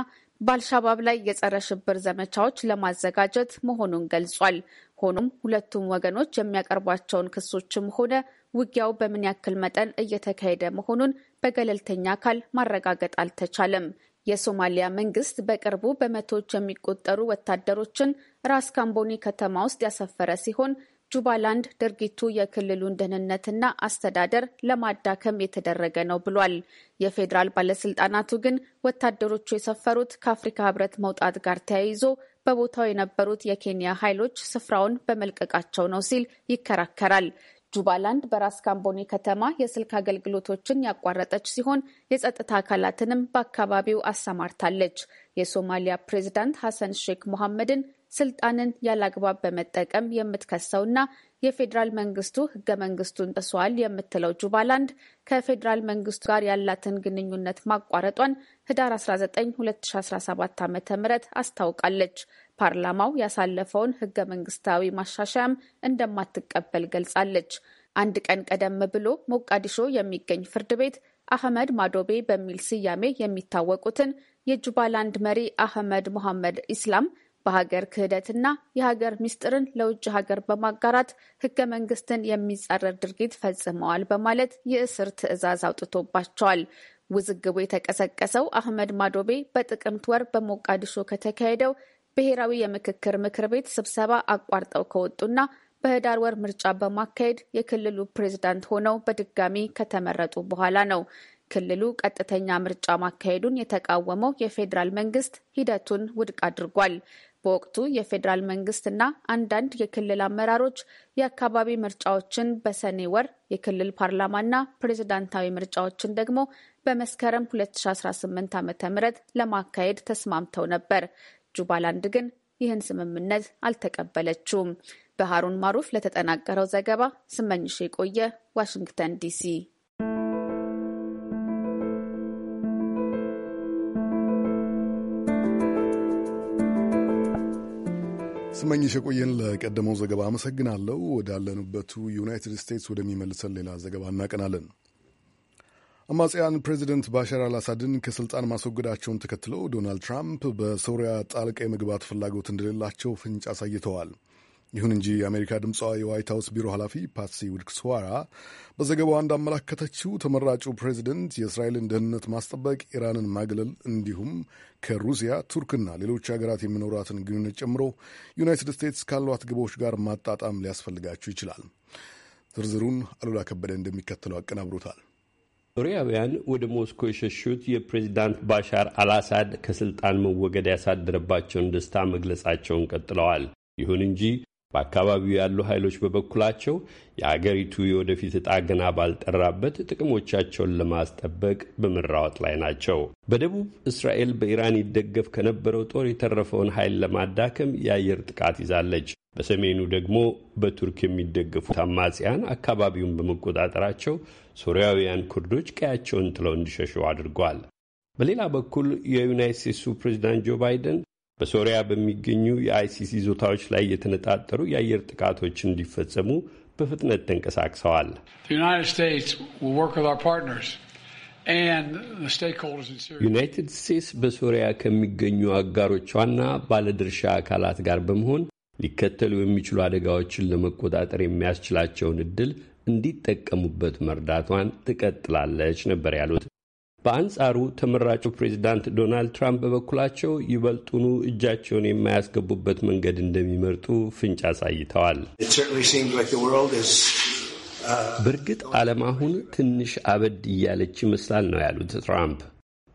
በአልሻባብ ላይ የጸረ ሽብር ዘመቻዎች ለማዘጋጀት መሆኑን ገልጿል። ሆኖም ሁለቱም ወገኖች የሚያቀርቧቸውን ክሶችም ሆነ ውጊያው በምን ያክል መጠን እየተካሄደ መሆኑን በገለልተኛ አካል ማረጋገጥ አልተቻለም። የሶማሊያ መንግስት በቅርቡ በመቶዎች የሚቆጠሩ ወታደሮችን ራስ ካምቦኒ ከተማ ውስጥ ያሰፈረ ሲሆን ጁባላንድ ድርጊቱ የክልሉን ደህንነትና አስተዳደር ለማዳከም የተደረገ ነው ብሏል። የፌዴራል ባለስልጣናቱ ግን ወታደሮቹ የሰፈሩት ከአፍሪካ ህብረት መውጣት ጋር ተያይዞ በቦታው የነበሩት የኬንያ ኃይሎች ስፍራውን በመልቀቃቸው ነው ሲል ይከራከራል። ጁባላንድ በራስ ካምቦኒ ከተማ የስልክ አገልግሎቶችን ያቋረጠች ሲሆን የጸጥታ አካላትንም በአካባቢው አሰማርታለች። የሶማሊያ ፕሬዚዳንት ሐሰን ሼክ ሞሐመድን ስልጣንን ያላግባብ በመጠቀም የምትከሰውና የፌዴራል መንግስቱ ህገ መንግስቱን ጥሷል የምትለው ጁባላንድ ከፌዴራል መንግስቱ ጋር ያላትን ግንኙነት ማቋረጧን ህዳር 19 2017 ዓ ም አስታውቃለች። ፓርላማው ያሳለፈውን ህገ መንግስታዊ ማሻሻያም እንደማትቀበል ገልጻለች። አንድ ቀን ቀደም ብሎ ሞቃዲሾ የሚገኝ ፍርድ ቤት አህመድ ማዶቤ በሚል ስያሜ የሚታወቁትን የጁባላንድ መሪ አህመድ ሞሐመድ ኢስላም በሀገር ክህደትና የሀገር ምስጢርን ለውጭ ሀገር በማጋራት ህገ መንግስትን የሚጻረር ድርጊት ፈጽመዋል በማለት የእስር ትዕዛዝ አውጥቶባቸዋል። ውዝግቡ የተቀሰቀሰው አህመድ ማዶቤ በጥቅምት ወር በሞቃዲሾ ከተካሄደው ብሔራዊ የምክክር ምክር ቤት ስብሰባ አቋርጠው ከወጡና በህዳር ወር ምርጫ በማካሄድ የክልሉ ፕሬዝዳንት ሆነው በድጋሚ ከተመረጡ በኋላ ነው። ክልሉ ቀጥተኛ ምርጫ ማካሄዱን የተቃወመው የፌዴራል መንግስት ሂደቱን ውድቅ አድርጓል። በወቅቱ የፌዴራል መንግስትና አንዳንድ የክልል አመራሮች የአካባቢ ምርጫዎችን በሰኔ ወር፣ የክልል ፓርላማና ፕሬዝዳንታዊ ምርጫዎችን ደግሞ በመስከረም 2018 ዓ ም ለማካሄድ ተስማምተው ነበር። ጁባላንድ ግን ይህን ስምምነት አልተቀበለችውም። በሀሩን ማሩፍ ለተጠናቀረው ዘገባ ስመኝሽ የቆየ ዋሽንግተን ዲሲ። ስመኝሽ የቆየን ለቀደመው ዘገባ አመሰግናለሁ። ወዳለንበቱ ዩናይትድ ስቴትስ ወደሚመልሰን ሌላ ዘገባ እናቀናለን። አማጽያን ፕሬዚደንት ባሻር አልአሳድን ከስልጣን ማስወገዳቸውን ተከትለው ዶናልድ ትራምፕ በሶሪያ ጣልቃ የመግባት ፍላጎት እንደሌላቸው ፍንጭ አሳይተዋል። ይሁን እንጂ የአሜሪካ ድምጿ የዋይት ሀውስ ቢሮ ኃላፊ ፓትሲ ውድክስዋራ በዘገባዋ እንዳመላከተችው ተመራጩ ፕሬዚደንት የእስራኤልን ደህንነት ማስጠበቅ፣ ኢራንን ማግለል እንዲሁም ከሩሲያ ቱርክና ሌሎች ሀገራት የሚኖራትን ግንኙነት ጨምሮ ዩናይትድ ስቴትስ ካሏት ግቦች ጋር ማጣጣም ሊያስፈልጋቸው ይችላል። ዝርዝሩን አሉላ ከበደ እንደሚከተለው አቀናብሮታል። ሶሪያውያን ወደ ሞስኮ የሸሹት የፕሬዚዳንት ባሻር አልአሳድ ከስልጣን መወገድ ያሳደረባቸውን ደስታ መግለጻቸውን ቀጥለዋል። ይሁን እንጂ በአካባቢው ያሉ ኃይሎች በበኩላቸው የአገሪቱ የወደፊት ዕጣ ገና ባልጠራበት ጥቅሞቻቸውን ለማስጠበቅ በመራወጥ ላይ ናቸው። በደቡብ እስራኤል በኢራን ይደገፍ ከነበረው ጦር የተረፈውን ኃይል ለማዳከም የአየር ጥቃት ይዛለች። በሰሜኑ ደግሞ በቱርክ የሚደገፉት አማጽያን አካባቢውን በመቆጣጠራቸው ሶሪያውያን ኩርዶች ቀያቸውን ጥለው እንዲሸሹ አድርጓል። በሌላ በኩል የዩናይት ስቴትሱ ፕሬዚዳንት ጆ ባይደን በሶሪያ በሚገኙ የአይሲሲ ይዞታዎች ላይ የተነጣጠሩ የአየር ጥቃቶች እንዲፈጸሙ በፍጥነት ተንቀሳቅሰዋል። ዩናይትድ ስቴትስ በሶሪያ ከሚገኙ አጋሮቿና ባለድርሻ አካላት ጋር በመሆን ሊከተሉ የሚችሉ አደጋዎችን ለመቆጣጠር የሚያስችላቸውን እድል እንዲጠቀሙበት መርዳቷን ትቀጥላለች ነበር ያሉት። በአንጻሩ ተመራጩ ፕሬዚዳንት ዶናልድ ትራምፕ በበኩላቸው ይበልጡኑ እጃቸውን የማያስገቡበት መንገድ እንደሚመርጡ ፍንጭ አሳይተዋል። uh, በእርግጥ ዓለም አሁን ትንሽ አበድ እያለች ይመስላል ነው ያሉት ትራምፕ።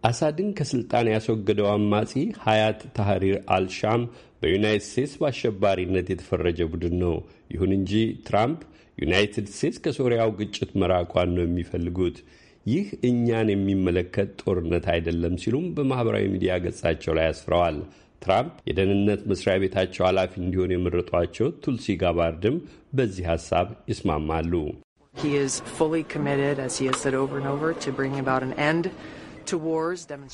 አሳድን ከስልጣን ያስወገደው አማጺ ሀያት ታህሪር አልሻም በዩናይትድ ስቴትስ በአሸባሪነት የተፈረጀ ቡድን ነው። ይሁን እንጂ ትራምፕ ዩናይትድ ስቴትስ ከሶሪያው ግጭት መራቋን ነው የሚፈልጉት። ይህ እኛን የሚመለከት ጦርነት አይደለም ሲሉም በማህበራዊ ሚዲያ ገጻቸው ላይ አስፍረዋል። ትራምፕ የደህንነት መስሪያ ቤታቸው ኃላፊ እንዲሆን የመረጧቸው ቱልሲ ጋባርድም በዚህ ሀሳብ ይስማማሉ።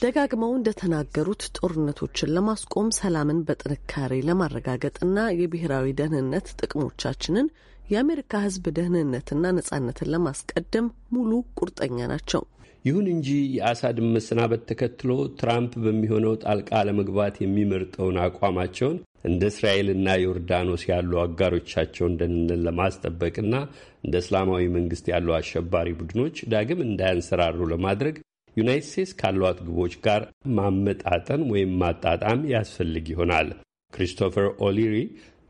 ደጋግመው እንደተናገሩት ጦርነቶችን ለማስቆም ሰላምን በጥንካሬ ለማረጋገጥና የብሔራዊ ደህንነት ጥቅሞቻችንን የአሜሪካ ሕዝብ ደህንነትና ነጻነትን ለማስቀደም ሙሉ ቁርጠኛ ናቸው። ይሁን እንጂ የአሳድ መሰናበት ተከትሎ ትራምፕ በሚሆነው ጣልቃ ለመግባት የሚመርጠውን አቋማቸውን እንደ እስራኤልና ዮርዳኖስ ያሉ አጋሮቻቸውን ደህንነት ለማስጠበቅና እንደ እስላማዊ መንግስት ያሉ አሸባሪ ቡድኖች ዳግም እንዳያንሰራሩ ለማድረግ ዩናይት ስቴትስ ካሏት ግቦች ጋር ማመጣጠን ወይም ማጣጣም ያስፈልግ ይሆናል። ክሪስቶፈር ኦሊሪ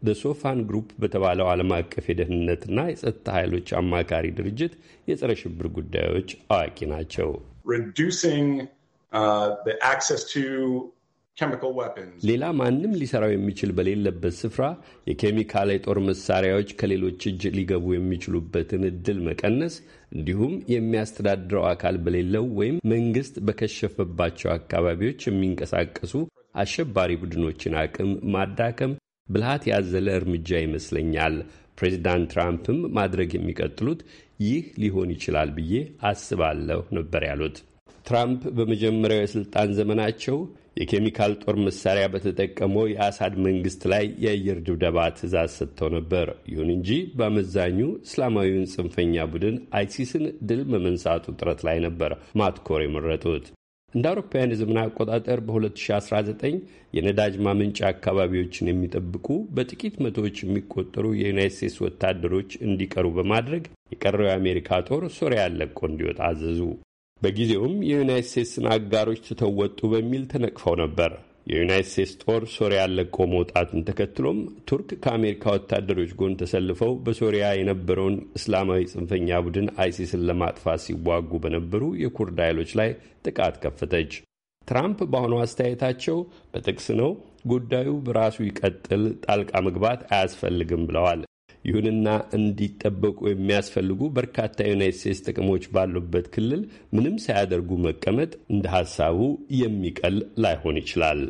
በሶፋን ግሩፕ በተባለው ዓለም አቀፍ የደህንነትና የጸጥታ ኃይሎች አማካሪ ድርጅት የጸረ ሽብር ጉዳዮች አዋቂ ናቸው። uh, ሌላ ማንም ሊሰራው የሚችል በሌለበት ስፍራ የኬሚካል የጦር መሳሪያዎች ከሌሎች እጅ ሊገቡ የሚችሉበትን እድል መቀነስ እንዲሁም የሚያስተዳድረው አካል በሌለው ወይም መንግስት በከሸፈባቸው አካባቢዎች የሚንቀሳቀሱ አሸባሪ ቡድኖችን አቅም ማዳከም ብልሃት ያዘለ እርምጃ ይመስለኛል። ፕሬዚዳንት ትራምፕም ማድረግ የሚቀጥሉት ይህ ሊሆን ይችላል ብዬ አስባለሁ ነበር ያሉት። ትራምፕ በመጀመሪያው የሥልጣን ዘመናቸው የኬሚካል ጦር መሳሪያ በተጠቀመው የአሳድ መንግስት ላይ የአየር ድብደባ ትዕዛዝ ሰጥተው ነበር። ይሁን እንጂ በአመዛኙ እስላማዊውን ጽንፈኛ ቡድን አይሲስን ድል መመንሳቱ ጥረት ላይ ነበር ማትኮር የመረጡት። እንደ አውሮፓውያን የዘመን አቆጣጠር በ2019 የነዳጅ ማመንጫ አካባቢዎችን የሚጠብቁ በጥቂት መቶዎች የሚቆጠሩ የዩናይት ስቴትስ ወታደሮች እንዲቀሩ በማድረግ የቀረው የአሜሪካ ጦር ሶሪያ ለቆ እንዲወጣ አዘዙ። በጊዜውም የዩናይት ስቴትስን አጋሮች ትተወጡ በሚል ተነቅፈው ነበር። የዩናይት ስቴትስ ጦር ሶሪያን ለቆ መውጣቱን ተከትሎም ቱርክ ከአሜሪካ ወታደሮች ጎን ተሰልፈው በሶሪያ የነበረውን እስላማዊ ጽንፈኛ ቡድን አይሲስን ለማጥፋት ሲዋጉ በነበሩ የኩርድ ኃይሎች ላይ ጥቃት ከፈተች። ትራምፕ በአሁኑ አስተያየታቸው በጥቅስ ነው ጉዳዩ በራሱ ይቀጥል፣ ጣልቃ መግባት አያስፈልግም ብለዋል። ይሁንና እንዲጠበቁ የሚያስፈልጉ በርካታ የዩናይት ስቴትስ ጥቅሞች ባሉበት ክልል ምንም ሳያደርጉ መቀመጥ እንደ ሀሳቡ የሚቀል ላይሆን ይችላል።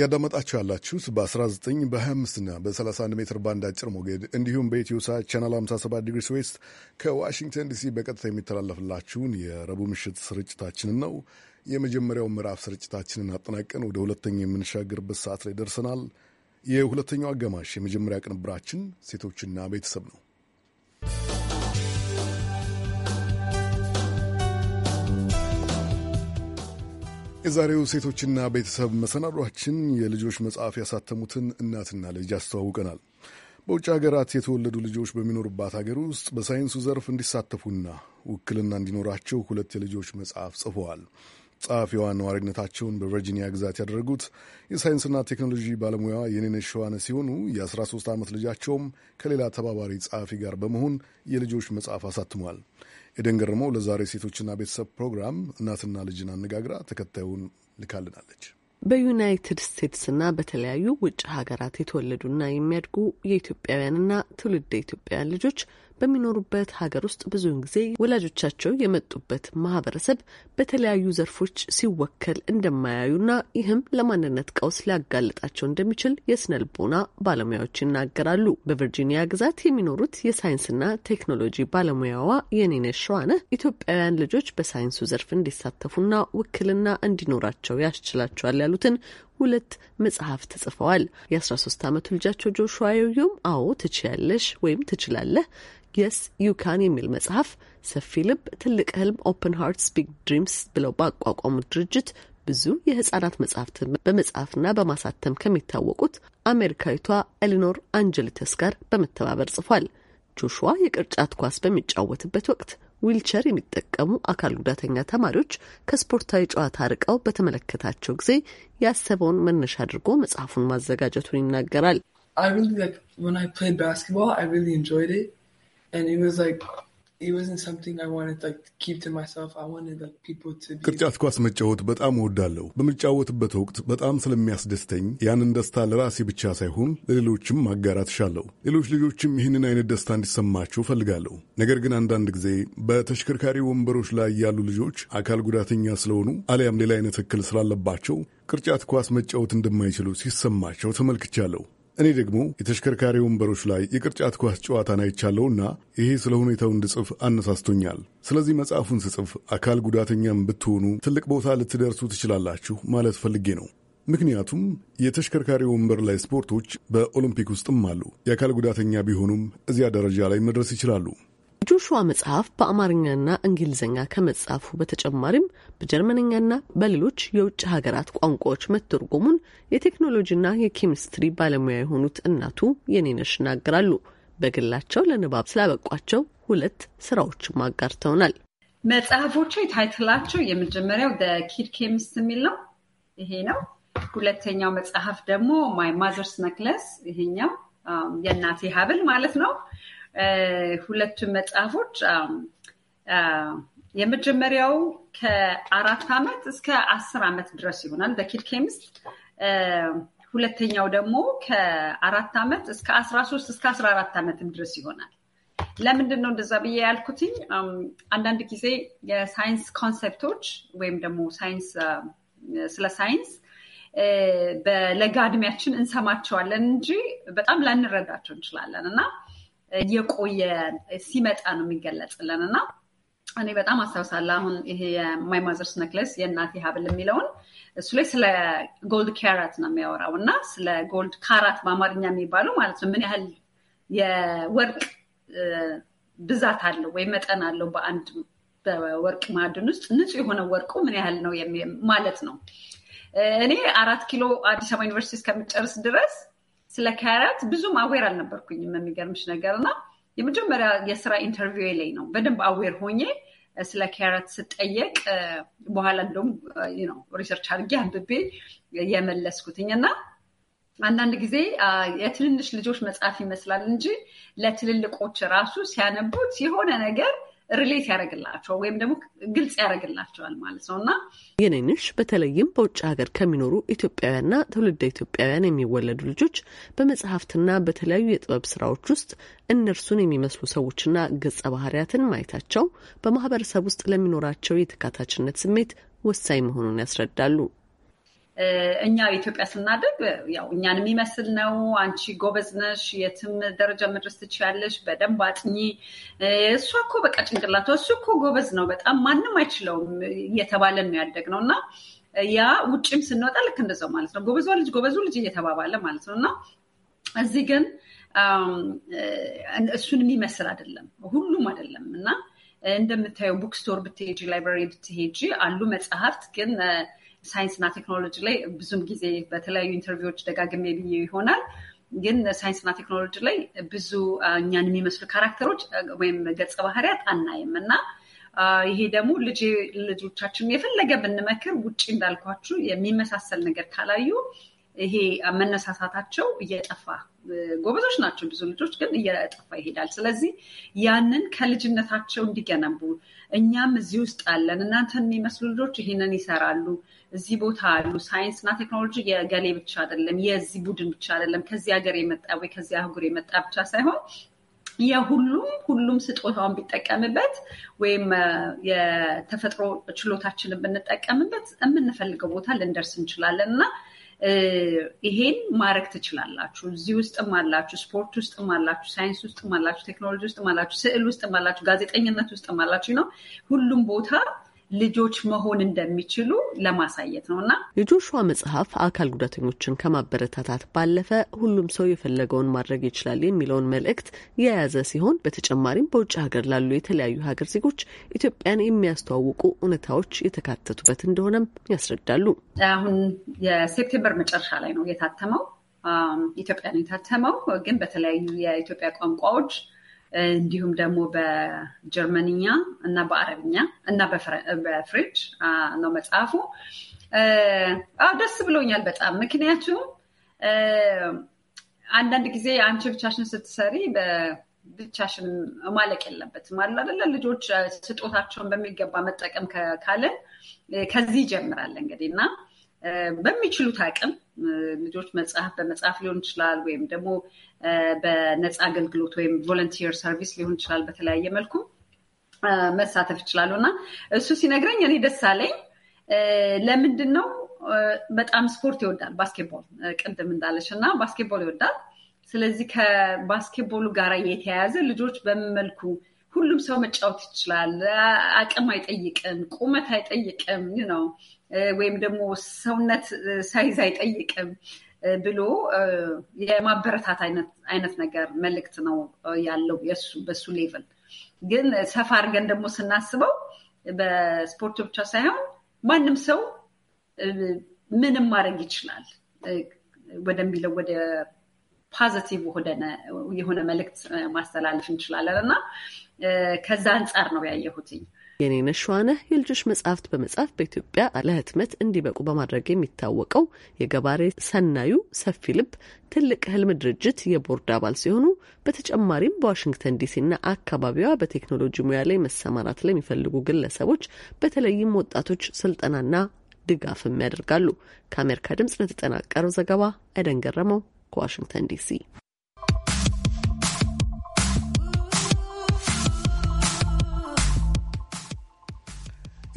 ያዳመጣችሁ ያላችሁት በ19 በ25ና በ31 ሜትር ባንድ አጭር ሞገድ እንዲሁም በኢትዮ ሳት ቻናል 57 ዲግሪ ስዌስት ከዋሽንግተን ዲሲ በቀጥታ የሚተላለፍላችሁን የረቡዕ ምሽት ስርጭታችንን ነው። የመጀመሪያው ምዕራፍ ስርጭታችንን አጠናቀን ወደ ሁለተኛው የምንሻገርበት ሰዓት ላይ ደርሰናል። የሁለተኛው አጋማሽ የመጀመሪያ ቅንብራችን ሴቶችና ቤተሰብ ነው። የዛሬው ሴቶችና ቤተሰብ መሰናዷችን የልጆች መጽሐፍ ያሳተሙትን እናትና ልጅ ያስተዋውቀናል። በውጭ ሀገራት የተወለዱ ልጆች በሚኖሩባት ሀገር ውስጥ በሳይንሱ ዘርፍ እንዲሳተፉና ውክልና እንዲኖራቸው ሁለት የልጆች መጽሐፍ ጽፈዋል። ጸሐፊዋ ነዋሪነታቸውን በቨርጂኒያ ግዛት ያደረጉት የሳይንስና ቴክኖሎጂ ባለሙያ የኔነ ሸዋነ ሲሆኑ የ13 ዓመት ልጃቸውም ከሌላ ተባባሪ ጸሐፊ ጋር በመሆን የልጆች መጽሐፍ አሳትሟል። ኤደን ገርመው ለዛሬ ሴቶችና ቤተሰብ ፕሮግራም እናትና ልጅን አነጋግራ ተከታዩን ልካልናለች። በዩናይትድ ስቴትስና በተለያዩ ውጭ ሀገራት የተወለዱና የሚያድጉ የኢትዮጵያውያንና ትውልደ ኢትዮጵያውያን ልጆች በሚኖሩበት ሀገር ውስጥ ብዙውን ጊዜ ወላጆቻቸው የመጡበት ማህበረሰብ በተለያዩ ዘርፎች ሲወከል እንደማያዩና ይህም ለማንነት ቀውስ ሊያጋልጣቸው እንደሚችል የስነልቦና ባለሙያዎች ይናገራሉ። በቨርጂኒያ ግዛት የሚኖሩት የሳይንስና ቴክኖሎጂ ባለሙያዋ የኔነ ሸዋነ ኢትዮጵያውያን ልጆች በሳይንሱ ዘርፍ እንዲሳተፉና ውክልና እንዲኖራቸው ያስችላቸዋል ያሉትን ሁለት መጽሐፍት ተጽፈዋል የ የ13 ዓመቱ ልጃቸው ጆሹዋ የውዩም አዎ ትችያለሽ ወይም ትችላለህ የስ ዩካን የሚል መጽሐፍ፣ ሰፊ ልብ፣ ትልቅ ህልም ኦፕን ሃርትስ ቢግ ድሪምስ ብለው ባቋቋሙት ድርጅት ብዙ የህጻናት መጽሐፍትን በመጽሐፍና በማሳተም ከሚታወቁት አሜሪካዊቷ ኤሊኖር አንጀሊተስ ጋር በመተባበር ጽፏል። ሸዋ የቅርጫት ኳስ በሚጫወትበት ወቅት ዊልቸር የሚጠቀሙ አካል ጉዳተኛ ተማሪዎች ከስፖርታዊ ጨዋታ ርቀው በተመለከታቸው ጊዜ ያሰበውን መነሻ አድርጎ መጽሐፉን ማዘጋጀቱን ይናገራል። it wasn't something I wanted like to keep to myself. I wanted like people to be ቅርጫት ኳስ መጫወት በጣም እወዳለሁ። በምጫወትበት ወቅት በጣም ስለሚያስደስተኝ ያንን ደስታ ለራሴ ብቻ ሳይሆን ለሌሎችም ማጋራት እሻለሁ። ሌሎች ልጆችም ይህንን አይነት ደስታ እንዲሰማቸው ፈልጋለሁ። ነገር ግን አንዳንድ ጊዜ በተሽከርካሪ ወንበሮች ላይ ያሉ ልጆች አካል ጉዳተኛ ስለሆኑ አሊያም ሌላ አይነት እክል ስላለባቸው ቅርጫት ኳስ መጫወት እንደማይችሉ ሲሰማቸው ተመልክቻለሁ። እኔ ደግሞ የተሽከርካሪ ወንበሮች ላይ የቅርጫት ኳስ ጨዋታን አይቻለውና ይሄ ስለ ሁኔታው እንድጽፍ አነሳስቶኛል። ስለዚህ መጽሐፉን ስጽፍ አካል ጉዳተኛም ብትሆኑ ትልቅ ቦታ ልትደርሱ ትችላላችሁ ማለት ፈልጌ ነው። ምክንያቱም የተሽከርካሪ ወንበር ላይ ስፖርቶች በኦሎምፒክ ውስጥም አሉ። የአካል ጉዳተኛ ቢሆኑም እዚያ ደረጃ ላይ መድረስ ይችላሉ። ጆሹዋ መጽሐፍ በአማርኛና እንግሊዝኛ ከመጻፉ በተጨማሪም በጀርመንኛና በሌሎች የውጭ ሀገራት ቋንቋዎች መተርጎሙን የቴክኖሎጂና የኬሚስትሪ ባለሙያ የሆኑት እናቱ የኔነሽ ይናገራሉ። በግላቸው ለንባብ ስላበቋቸው ሁለት ስራዎችም አጋርተውናል። መጽሐፎቹ የታይትላቸው የመጀመሪያው ኪድ ኬሚስት የሚል ነው። ይሄ ነው። ሁለተኛው መጽሐፍ ደግሞ ማይ ማዘርስ ነክለስ፣ ይሄኛው የእናቴ ሀብል ማለት ነው። ሁለቱን መጽሐፎች የመጀመሪያው ከአራት ዓመት እስከ አስር ዓመት ድረስ ይሆናል በኪድ ኬምስ ሁለተኛው ደግሞ ከአራት ዓመት እስከ አስራ ሶስት እስከ አስራ አራት ዓመትም ድረስ ይሆናል። ለምንድን ነው እንደዛ ብዬ ያልኩትኝ? አንዳንድ ጊዜ የሳይንስ ኮንሰፕቶች ወይም ደግሞ ሳይንስ ስለ ሳይንስ በለጋ እድሜያችን እንሰማቸዋለን እንጂ በጣም ላንረዳቸው እንችላለን እና የቆየ ሲመጣ ነው የሚገለጽልን እና እኔ በጣም አስታውሳለሁ። አሁን ይሄ የማይ ማዘርስ ነክለስ የእናቴ ሀብል የሚለውን እሱ ላይ ስለ ጎልድ ካራት ነው የሚያወራው እና ስለ ጎልድ ካራት በአማርኛ የሚባለው ማለት ነው ምን ያህል የወርቅ ብዛት አለው ወይም መጠን አለው በአንድ በወርቅ ማዕድን ውስጥ ንጹህ የሆነ ወርቁ ምን ያህል ነው ማለት ነው። እኔ አራት ኪሎ አዲስ አበባ ዩኒቨርሲቲ እስከምጨርስ ድረስ ስለ ካራት ብዙም አዌር አልነበርኩኝም የሚገርምሽ ነገር እና የመጀመሪያ የስራ ኢንተርቪው ላይ ነው በደንብ አዌር ሆኜ ስለ ካራት ስጠየቅ በኋላ እንደውም ሪሰርች አድርጌ አንብቤ የመለስኩትኝ እና አንዳንድ ጊዜ የትንንሽ ልጆች መጽሐፍ ይመስላል እንጂ ለትልልቆች ራሱ ሲያነቡት የሆነ ነገር ሪሌት ያደረግላቸዋል ወይም ደግሞ ግልጽ ያደረግላቸዋል ማለት ነው እና የኔንሽ በተለይም በውጭ ሀገር ከሚኖሩ ኢትዮጵያውያንና ትውልደ ኢትዮጵያውያን የሚወለዱ ልጆች በመጽሐፍትና በተለያዩ የጥበብ ስራዎች ውስጥ እነርሱን የሚመስሉ ሰዎችና ገጸ ባህሪያትን ማየታቸው በማህበረሰብ ውስጥ ለሚኖራቸው የተካታችነት ስሜት ወሳኝ መሆኑን ያስረዳሉ። እኛ ኢትዮጵያ ስናደግ ያው እኛን የሚመስል ነው። አንቺ ጎበዝ ነሽ፣ የትም ደረጃ መድረስ ትችያለሽ፣ በደንብ አጥኚ፣ እሷ እኮ በቃ ጭንቅላቷ እሱ እኮ ጎበዝ ነው፣ በጣም ማንም አይችለውም እየተባለን ነው ነው እና ያ ውጭም ስንወጣ ልክ እንደዛው ማለት ነው። ጎበዟ ልጅ፣ ጎበዙ ልጅ እየተባባለ ማለት ነው እና እዚህ ግን እሱን የሚመስል አይደለም፣ ሁሉም አይደለም እና እንደምታየው ቡክስቶር ብትሄጂ ላይብራሪ ብትሄጂ አሉ መጽሐፍት ግን ሳይንስና ቴክኖሎጂ ላይ ብዙም ጊዜ በተለያዩ ኢንተርቪዎች ደጋግሜ ብዬ ይሆናል ግን ሳይንስና ቴክኖሎጂ ላይ ብዙ እኛን የሚመስሉ ካራክተሮች ወይም ገጸ ባህሪያት አናይም እና ይሄ ደግሞ ልጆቻችን የፈለገ ብንመክር ውጭ እንዳልኳችሁ የሚመሳሰል ነገር ካላዩ ይሄ መነሳሳታቸው እየጠፋ ጎበዞች ናቸው ብዙ ልጆች ግን እየጠፋ ይሄዳል። ስለዚህ ያንን ከልጅነታቸው እንዲገነቡ እኛም እዚህ ውስጥ አለን፣ እናንተ የሚመስሉ ልጆች ይሄንን ይሰራሉ፣ እዚህ ቦታ አሉ። እና ቴክኖሎጂ የገሌ ብቻ አይደለም፣ የዚህ ቡድን ብቻ አይደለም፣ ከዚህ ሀገር የመጣ ወይ ከዚህ አህጉር የመጣ ብቻ ሳይሆን የሁሉም ሁሉም ስጦታውን ቢጠቀምበት ወይም የተፈጥሮ ችሎታችንን ብንጠቀምበት የምንፈልገው ቦታ ልንደርስ እንችላለን እና ይሄን ማድረግ ትችላላችሁ። እዚህ ውስጥም አላችሁ፣ ስፖርት ውስጥም አላችሁ፣ ሳይንስ ውስጥም አላችሁ፣ ቴክኖሎጂ ውስጥም አላችሁ፣ ስዕል ውስጥም አላችሁ፣ ጋዜጠኝነት ውስጥም አላችሁ ነው ሁሉም ቦታ ልጆች መሆን እንደሚችሉ ለማሳየት ነው እና የጆሹዋ መጽሐፍ አካል ጉዳተኞችን ከማበረታታት ባለፈ ሁሉም ሰው የፈለገውን ማድረግ ይችላል የሚለውን መልእክት የያዘ ሲሆን በተጨማሪም በውጭ ሀገር ላሉ የተለያዩ ሀገር ዜጎች ኢትዮጵያን የሚያስተዋውቁ እውነታዎች የተካተቱበት እንደሆነም ያስረዳሉ። አሁን የሴፕቴምበር መጨረሻ ላይ ነው የታተመው። ኢትዮጵያ ነው የታተመው፣ ግን በተለያዩ የኢትዮጵያ ቋንቋዎች እንዲሁም ደግሞ በጀርመንኛ እና በአረብኛ እና በፍሬንች ነው መጽሐፉ። ደስ ብሎኛል በጣም ምክንያቱም አንዳንድ ጊዜ አንቺ ብቻሽን ስትሰሪ ብቻሽን ማለቅ የለበትም አሉ አይደለ? ልጆች ስጦታቸውን በሚገባ መጠቀም ካለን ከዚህ ይጀምራል እንግዲህ እና በሚችሉት አቅም ልጆች መጽሐፍ በመጽሐፍ ሊሆን ይችላል፣ ወይም ደግሞ በነፃ አገልግሎት ወይም ቮለንቲየር ሰርቪስ ሊሆን ይችላል። በተለያየ መልኩ መሳተፍ ይችላሉ እና እሱ ሲነግረኝ እኔ ደስ አለኝ። ለምንድን ነው በጣም ስፖርት ይወዳል፣ ባስኬትቦል ቅድም እንዳለች እና ባስኬትቦል ይወዳል። ስለዚህ ከባስኬትቦሉ ጋር የተያያዘ ልጆች በምን መልኩ ሁሉም ሰው መጫወት ይችላል፣ አቅም አይጠይቅም፣ ቁመት አይጠይቅም ነው ወይም ደግሞ ሰውነት ሳይዝ አይጠይቅም ብሎ የማበረታት አይነት ነገር መልእክት ነው ያለው የሱ በሱ ሌቭል። ግን ሰፋ አድርገን ደግሞ ስናስበው በስፖርት ብቻ ሳይሆን ማንም ሰው ምንም ማድረግ ይችላል ወደሚለው ወደ ፓዘቲቭ የሆነ መልእክት ማስተላለፍ እንችላለን እና ከዛ አንጻር ነው ያየሁትኝ። የኔነሽ ሸዋነህ የልጆች መጽሐፍት በመጻፍ በኢትዮጵያ ለህትመት እንዲበቁ በማድረግ የሚታወቀው የገባሬ ሰናዩ ሰፊ ልብ ትልቅ ህልም ድርጅት የቦርድ አባል ሲሆኑ በተጨማሪም በዋሽንግተን ዲሲና አካባቢዋ በቴክኖሎጂ ሙያ ላይ መሰማራት ለሚፈልጉ ግለሰቦች በተለይም ወጣቶች ስልጠናና ድጋፍም ያደርጋሉ። ከአሜሪካ ድምጽ ለተጠናቀረው ዘገባ አይደን ገረመው ከዋሽንግተን ዲሲ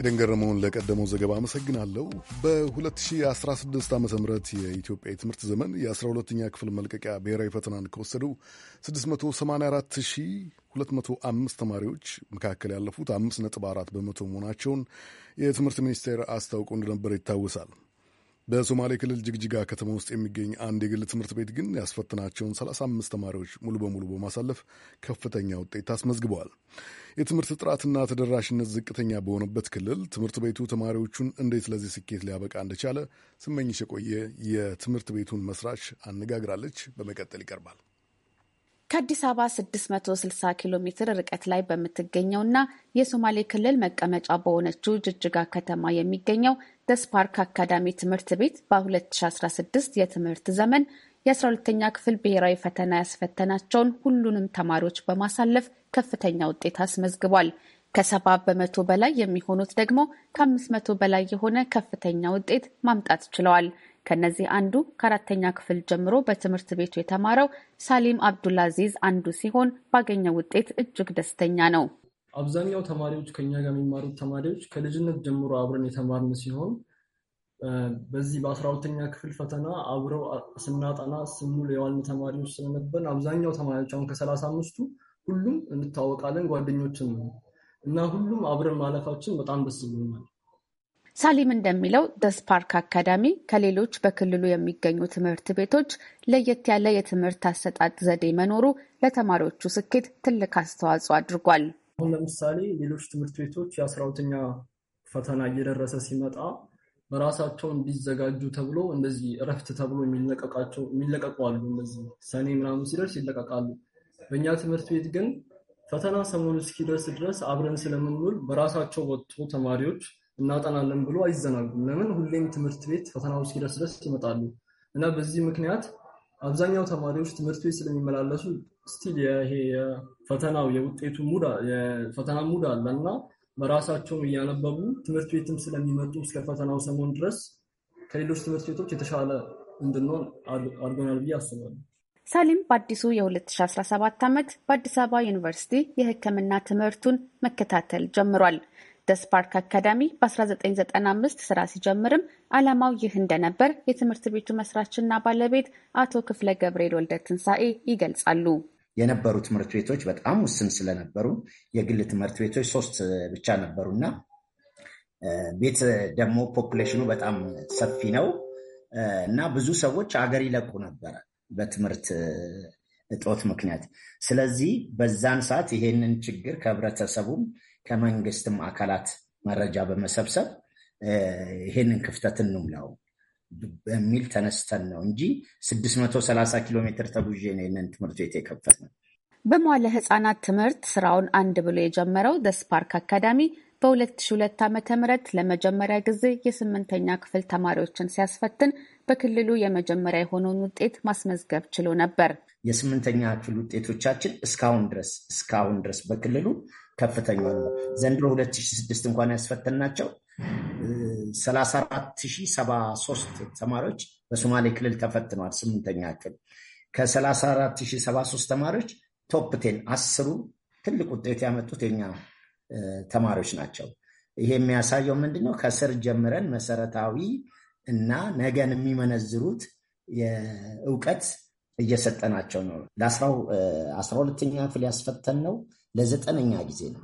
ኤደን ገረመውን ለቀደመው ዘገባ አመሰግናለሁ። በ2016 ዓ ም የኢትዮጵያ የትምህርት ዘመን የ12ኛ ክፍል መልቀቂያ ብሔራዊ ፈተናን ከወሰዱ 684205 ተማሪዎች መካከል ያለፉት 5.4 በመቶ መሆናቸውን የትምህርት ሚኒስቴር አስታውቆ እንደነበር ይታወሳል። በሶማሌ ክልል ጅግጅጋ ከተማ ውስጥ የሚገኝ አንድ የግል ትምህርት ቤት ግን ያስፈትናቸውን 35 ተማሪዎች ሙሉ በሙሉ በማሳለፍ ከፍተኛ ውጤት አስመዝግበዋል። የትምህርት ጥራትና ተደራሽነት ዝቅተኛ በሆነበት ክልል ትምህርት ቤቱ ተማሪዎቹን እንዴት ለዚህ ስኬት ሊያበቃ እንደቻለ ስመኝሽ የቆየ የትምህርት ቤቱን መስራች አነጋግራለች። በመቀጠል ይቀርባል። ከአዲስ አበባ 660 ኪሎ ሜትር ርቀት ላይ በምትገኘውና የሶማሌ ክልል መቀመጫ በሆነችው ጅጅጋ ከተማ የሚገኘው ደስፓርክ አካዳሚ ትምህርት ቤት በ2016 የትምህርት ዘመን የ12ተኛ ክፍል ብሔራዊ ፈተና ያስፈተናቸውን ሁሉንም ተማሪዎች በማሳለፍ ከፍተኛ ውጤት አስመዝግቧል። ከሰባ በመቶ በላይ የሚሆኑት ደግሞ ከአምስት መቶ በላይ የሆነ ከፍተኛ ውጤት ማምጣት ችለዋል። ከነዚህ አንዱ ከአራተኛ ክፍል ጀምሮ በትምህርት ቤቱ የተማረው ሳሊም አብዱልአዚዝ አንዱ ሲሆን ባገኘው ውጤት እጅግ ደስተኛ ነው። አብዛኛው ተማሪዎች ከኛ ጋር የሚማሩት ተማሪዎች ከልጅነት ጀምሮ አብረን የተማርን ሲሆን በዚህ በአስራ ሁለተኛ ክፍል ፈተና አብረው ስናጠና ስሙል የዋልን ተማሪዎች ስለነበርን አብዛኛው ተማሪዎች አሁን ከሰላሳ አምስቱ ሁሉም እንታወቃለን ጓደኞችን ነው እና ሁሉም አብረን ማለፋችን በጣም ደስ ብሎናል። ሳሊም እንደሚለው ደስፓርክ አካዳሚ ከሌሎች በክልሉ የሚገኙ ትምህርት ቤቶች ለየት ያለ የትምህርት አሰጣጥ ዘዴ መኖሩ ለተማሪዎቹ ስኬት ትልቅ አስተዋጽኦ አድርጓል። አሁን ለምሳሌ ሌሎች ትምህርት ቤቶች የአስራሁለተኛ ፈተና እየደረሰ ሲመጣ በራሳቸው እንዲዘጋጁ ተብሎ እንደዚህ እረፍት ተብሎ የሚለቀቃቸው የሚለቀቁ አሉ። እነዚህ ሰኔ ምናምን ሲደርስ ይለቀቃሉ። በእኛ ትምህርት ቤት ግን ፈተና ሰሞኑ እስኪደርስ ድረስ አብረን ስለምንውል በራሳቸው ወጥቶ ተማሪዎች እናጠናለን ብሎ አይዘናጉም። ለምን ሁሌም ትምህርት ቤት ፈተናው እስኪደርስ ድረስ ይመጣሉ እና በዚህ ምክንያት አብዛኛው ተማሪዎች ትምህርት ቤት ስለሚመላለሱ ስቲል ይሄ የፈተናው የውጤቱ የፈተና ሙድ አለ እና በራሳቸውም እያነበቡ ትምህርት ቤትም ስለሚመጡ እስከ ፈተናው ሰሞን ድረስ ከሌሎች ትምህርት ቤቶች የተሻለ እንድንሆን አድርጎናል ብዬ አስባለሁ። ሳሊም በአዲሱ የ2017 ዓመት በአዲስ አበባ ዩኒቨርሲቲ የሕክምና ትምህርቱን መከታተል ጀምሯል። ደስፓርክ አካዳሚ በ1995 ስራ ሲጀምርም ዓላማው ይህ እንደነበር የትምህርት ቤቱ መስራችና ባለቤት አቶ ክፍለ ገብርኤል ወልደ ትንሣኤ ይገልጻሉ። የነበሩ ትምህርት ቤቶች በጣም ውስን ስለነበሩ የግል ትምህርት ቤቶች ሶስት ብቻ ነበሩና ቤት ደግሞ ፖፕሌሽኑ በጣም ሰፊ ነው እና ብዙ ሰዎች አገር ይለቁ ነበረ በትምህርት እጦት ምክንያት። ስለዚህ በዛን ሰዓት ይሄንን ችግር ከህብረተሰቡም ከመንግስትም አካላት መረጃ በመሰብሰብ ይህንን ክፍተት እንሙላው በሚል ተነስተን ነው እንጂ 630 ኪሎ ሜትር ተጉዤ ነው ይህንን ትምህርት ቤት የከፈት ነው። በመዋለ ህፃናት ትምህርት ስራውን አንድ ብሎ የጀመረው ደስፓርክ አካዳሚ በ2002 ዓ ም ለመጀመሪያ ጊዜ የስምንተኛ ክፍል ተማሪዎችን ሲያስፈትን በክልሉ የመጀመሪያ የሆነውን ውጤት ማስመዝገብ ችሎ ነበር። የስምንተኛ ክፍል ውጤቶቻችን እስካሁን ድረስ እስካሁን ድረስ በክልሉ ከፍተኛ ነው። ዘንድሮ 2006 እንኳን ያስፈተናቸው 34073 ተማሪዎች በሶማሌ ክልል ተፈትነዋል። ስምንተኛ ክል ከ34073 ተማሪዎች ቶፕቴን አስሩ ትልቅ ውጤት ያመጡት የኛ ተማሪዎች ናቸው። ይሄ የሚያሳየው ምንድነው? ከስር ጀምረን መሰረታዊ እና ነገን የሚመነዝሩት የእውቀት እየሰጠናቸው ነው። ለአስራ ሁለተኛ ክፍል ያስፈተን ነው ለዘጠነኛ ጊዜ ነው።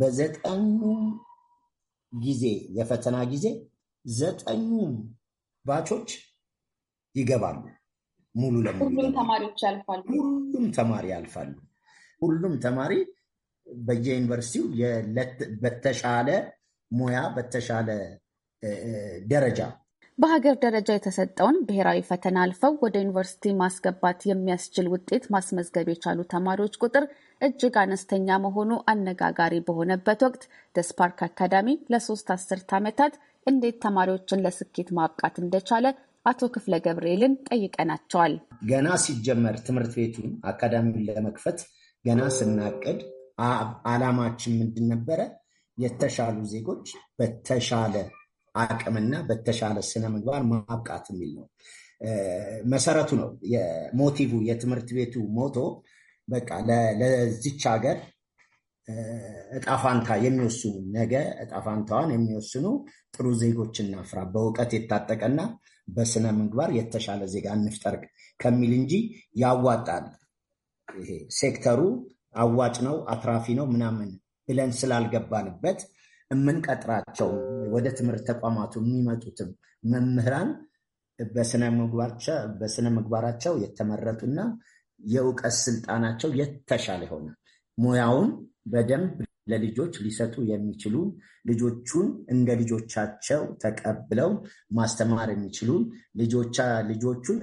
በዘጠኙም ጊዜ የፈተና ጊዜ ዘጠኙም ባቾች ይገባሉ። ሙሉ ለሙሉ ሁሉም ተማሪ ያልፋሉ። ሁሉም ተማሪ በየዩኒቨርሲቲው በተሻለ ሙያ በተሻለ ደረጃ በሀገር ደረጃ የተሰጠውን ብሔራዊ ፈተና አልፈው ወደ ዩኒቨርሲቲ ማስገባት የሚያስችል ውጤት ማስመዝገብ የቻሉ ተማሪዎች ቁጥር እጅግ አነስተኛ መሆኑ አነጋጋሪ በሆነበት ወቅት ደስፓርክ አካዳሚ ለሶስት አስርት ዓመታት እንዴት ተማሪዎችን ለስኬት ማብቃት እንደቻለ አቶ ክፍለ ገብርኤልን ጠይቀናቸዋል። ገና ሲጀመር ትምህርት ቤቱን አካዳሚውን ለመክፈት ገና ስናቅድ አላማችን ምንድን ነበረ? የተሻሉ ዜጎች በተሻለ አቅምና በተሻለ ስነ ምግባር ማብቃት የሚል ነው። መሰረቱ ነው የሞቲቭ የትምህርት ቤቱ ሞቶ በቃ ለዚች ሀገር እጣፋንታ የሚወስኑ ነገ እጣፋንታዋን የሚወስኑ ጥሩ ዜጎች እናፍራ፣ በእውቀት የታጠቀና በስነ ምግባር የተሻለ ዜጋ እንፍጠር ከሚል እንጂ ያዋጣል፣ ይሄ ሴክተሩ አዋጭ ነው፣ አትራፊ ነው ምናምን ብለን ስላልገባንበት የምንቀጥራቸው ወደ ትምህርት ተቋማቱ የሚመጡትም መምህራን በስነ ምግባራቸው የተመረጡና የእውቀት ስልጣናቸው የተሻለ ይሆናል። ሙያውን በደንብ ለልጆች ሊሰጡ የሚችሉ ልጆቹን እንደ ልጆቻቸው ተቀብለው ማስተማር የሚችሉ ልጆቻ ልጆቹን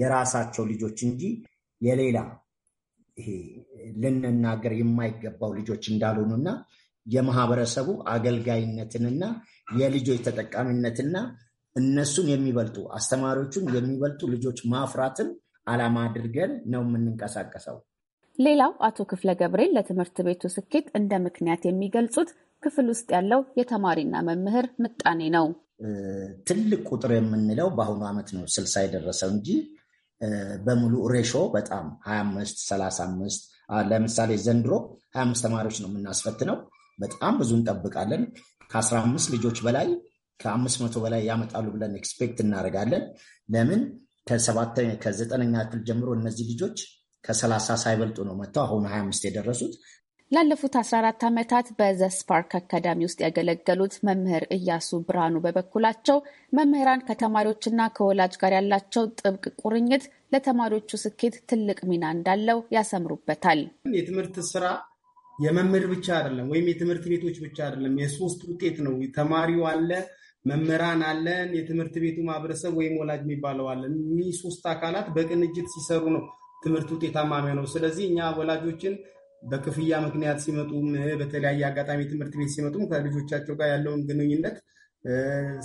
የራሳቸው ልጆች እንጂ የሌላ ልንናገር የማይገባው ልጆች እንዳልሆኑና የማህበረሰቡ አገልጋይነትንና የልጆች ተጠቃሚነትና እነሱን የሚበልጡ አስተማሪዎቹን የሚበልጡ ልጆች ማፍራትን ዓላማ አድርገን ነው የምንንቀሳቀሰው። ሌላው አቶ ክፍለ ገብርኤል ለትምህርት ቤቱ ስኬት እንደ ምክንያት የሚገልጹት ክፍል ውስጥ ያለው የተማሪና መምህር ምጣኔ ነው። ትልቅ ቁጥር የምንለው በአሁኑ ዓመት ነው ስልሳ የደረሰው እንጂ በሙሉ ሬሾ በጣም 25 35 ለምሳሌ ዘንድሮ 25 ተማሪዎች ነው የምናስፈትነው። በጣም ብዙ እንጠብቃለን። ከ15 ልጆች በላይ ከ500 በላይ ያመጣሉ ብለን ኤክስፔክት እናደርጋለን። ለምን ከሰባተኛ ከዘጠነኛ ክፍል ጀምሮ እነዚህ ልጆች ከሰላሳ ሳይበልጡ ነው መጥተው አሁን ሀያ አምስት የደረሱት። ላለፉት 14 ዓመታት በዘስፓርክ አካዳሚ ውስጥ ያገለገሉት መምህር እያሱ ብርሃኑ በበኩላቸው መምህራን ከተማሪዎችና ከወላጅ ጋር ያላቸው ጥብቅ ቁርኝት ለተማሪዎቹ ስኬት ትልቅ ሚና እንዳለው ያሰምሩበታል። የትምህርት ስራ የመምህር ብቻ አይደለም፣ ወይም የትምህርት ቤቶች ብቻ አይደለም፣ የሶስት ውጤት ነው። ተማሪው አለ መምህራን አለን፣ የትምህርት ቤቱ ማህበረሰብ ወይም ወላጅ የሚባለው አለን። እኚህ ሶስት አካላት በቅንጅት ሲሰሩ ነው ትምህርት ውጤታማ የሚሆነው። ስለዚህ እኛ ወላጆችን በክፍያ ምክንያት ሲመጡም በተለያየ አጋጣሚ ትምህርት ቤት ሲመጡም ከልጆቻቸው ጋር ያለውን ግንኙነት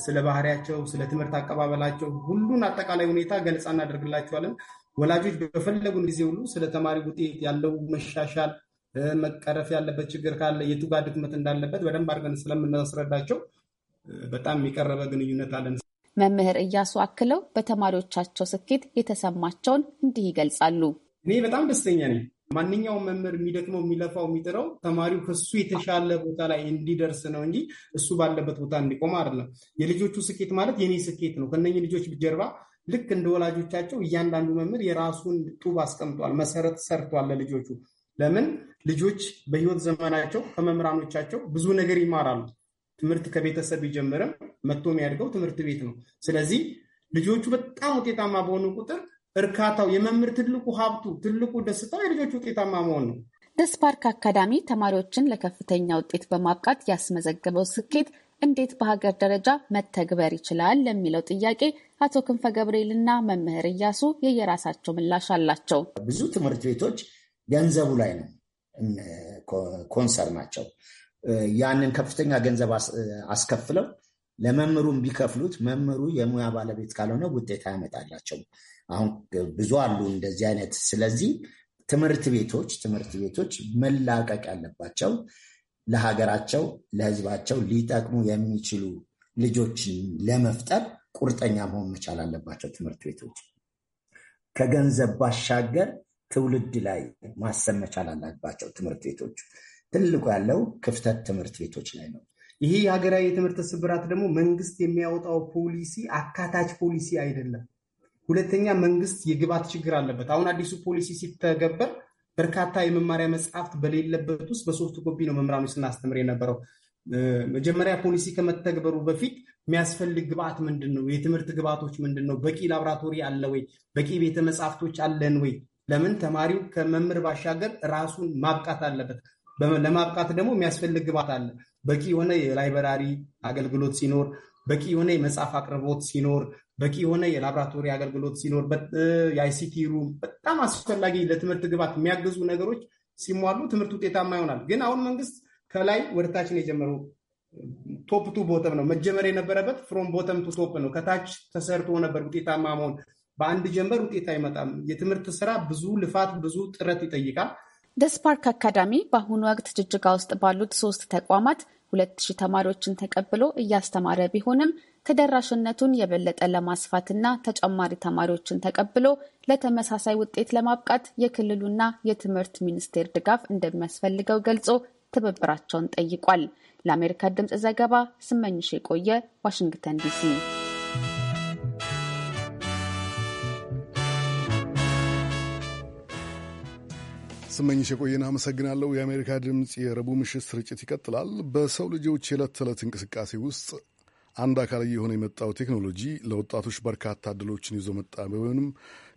ስለ ባህሪያቸው፣ ስለ ትምህርት አቀባበላቸው ሁሉን አጠቃላይ ሁኔታ ገለጻ እናደርግላቸዋለን። ወላጆች በፈለጉን ጊዜ ሁሉ ስለ ተማሪ ውጤት ያለው መሻሻል፣ መቀረፍ ያለበት ችግር ካለ፣ የቱጋ ድክመት እንዳለበት በደንብ አድርገን ስለምናስረዳቸው በጣም የቀረበ ግንኙነት አለን። መምህር እያሱ አክለው በተማሪዎቻቸው ስኬት የተሰማቸውን እንዲህ ይገልጻሉ። እኔ በጣም ደስተኛ ነኝ። ማንኛውም መምህር የሚደክመው የሚለፋው የሚጥረው ተማሪው ከሱ የተሻለ ቦታ ላይ እንዲደርስ ነው እንጂ እሱ ባለበት ቦታ እንዲቆም አይደለም። የልጆቹ ስኬት ማለት የኔ ስኬት ነው። ከነ ልጆች ጀርባ ልክ እንደ ወላጆቻቸው እያንዳንዱ መምህር የራሱን ጡብ አስቀምጧል፣ መሰረት ሰርቷል ለልጆቹ። ለምን ልጆች በህይወት ዘመናቸው ከመምህራኖቻቸው ብዙ ነገር ይማራሉ። ትምህርት ከቤተሰብ ቢጀምርም መጥቶ የሚያድገው ትምህርት ቤት ነው። ስለዚህ ልጆቹ በጣም ውጤታማ በሆኑ ቁጥር እርካታው የመምህር ትልቁ ሀብቱ ትልቁ ደስታው የልጆቹ ውጤታማ መሆን ነው። ደስፓርክ አካዳሚ ተማሪዎችን ለከፍተኛ ውጤት በማብቃት ያስመዘገበው ስኬት እንዴት በሀገር ደረጃ መተግበር ይችላል ለሚለው ጥያቄ አቶ ክንፈ ገብርኤልና መምህር እያሱ የየራሳቸው ምላሽ አላቸው። ብዙ ትምህርት ቤቶች ገንዘቡ ላይ ነው ኮንሰር ናቸው። ያንን ከፍተኛ ገንዘብ አስከፍለው ለመምህሩም ቢከፍሉት መምህሩ የሙያ ባለቤት ካልሆነ ውጤት አያመጣላቸው። አሁን ብዙ አሉ እንደዚህ አይነት። ስለዚህ ትምህርት ቤቶች ትምህርት ቤቶች መላቀቅ ያለባቸው ለሀገራቸው ለሕዝባቸው ሊጠቅሙ የሚችሉ ልጆችን ለመፍጠር ቁርጠኛ መሆን መቻል አለባቸው። ትምህርት ቤቶች ከገንዘብ ባሻገር ትውልድ ላይ ማሰብ መቻል አለባቸው ትምህርት ቤቶች። ትልቁ ያለው ክፍተት ትምህርት ቤቶች ላይ ነው። ይሄ የሀገራዊ የትምህርት ስብራት ደግሞ መንግስት የሚያወጣው ፖሊሲ አካታች ፖሊሲ አይደለም። ሁለተኛ መንግስት የግብዓት ችግር አለበት። አሁን አዲሱ ፖሊሲ ሲተገበር በርካታ የመማሪያ መጽሐፍት በሌለበት ውስጥ በሶፍት ኮፒ ነው መምህራኖች ስናስተምር የነበረው። መጀመሪያ ፖሊሲ ከመተግበሩ በፊት የሚያስፈልግ ግብዓት ምንድን ነው? የትምህርት ግብዓቶች ምንድን ነው? በቂ ላብራቶሪ አለ ወይ? በቂ ቤተ መጽሐፍቶች አለን ወይ? ለምን ተማሪው ከመምህር ባሻገር ራሱን ማብቃት አለበት። ለማብቃት ደግሞ የሚያስፈልግ ግባት አለ። በቂ የሆነ የላይበራሪ አገልግሎት ሲኖር፣ በቂ የሆነ የመጽሐፍ አቅርቦት ሲኖር፣ በቂ የሆነ የላብራቶሪ አገልግሎት ሲኖር፣ የአይሲቲ ሩም በጣም አስፈላጊ ለትምህርት ግባት የሚያግዙ ነገሮች ሲሟሉ ትምህርት ውጤታማ ይሆናል። ግን አሁን መንግስት ከላይ ወደታችን የጀመረው ቶፕ ቱ ቦተም ነው። መጀመር የነበረበት ፍሮም ቦተም ቱ ቶፕ ነው። ከታች ተሰርቶ ነበር ውጤታማ መሆን። በአንድ ጀንበር ውጤት አይመጣም። የትምህርት ስራ ብዙ ልፋት፣ ብዙ ጥረት ይጠይቃል። ደስፓርክ አካዳሚ በአሁኑ ወቅት ጅጅጋ ውስጥ ባሉት ሶስት ተቋማት ሁለት ሺህ ተማሪዎችን ተቀብሎ እያስተማረ ቢሆንም ተደራሽነቱን የበለጠ ለማስፋትና ተጨማሪ ተማሪዎችን ተቀብሎ ለተመሳሳይ ውጤት ለማብቃት የክልሉና የትምህርት ሚኒስቴር ድጋፍ እንደሚያስፈልገው ገልጾ ትብብራቸውን ጠይቋል። ለአሜሪካ ድምፅ ዘገባ ስመኝሽ የቆየ ዋሽንግተን ዲሲ። ስመኝሽ የቆየን አመሰግናለሁ። የአሜሪካ ድምፅ የረቡዕ ምሽት ስርጭት ይቀጥላል። በሰው ልጆች የዕለት ተዕለት እንቅስቃሴ ውስጥ አንድ አካል እየሆነ የመጣው ቴክኖሎጂ ለወጣቶች በርካታ እድሎችን ይዞ መጣ ቢሆንም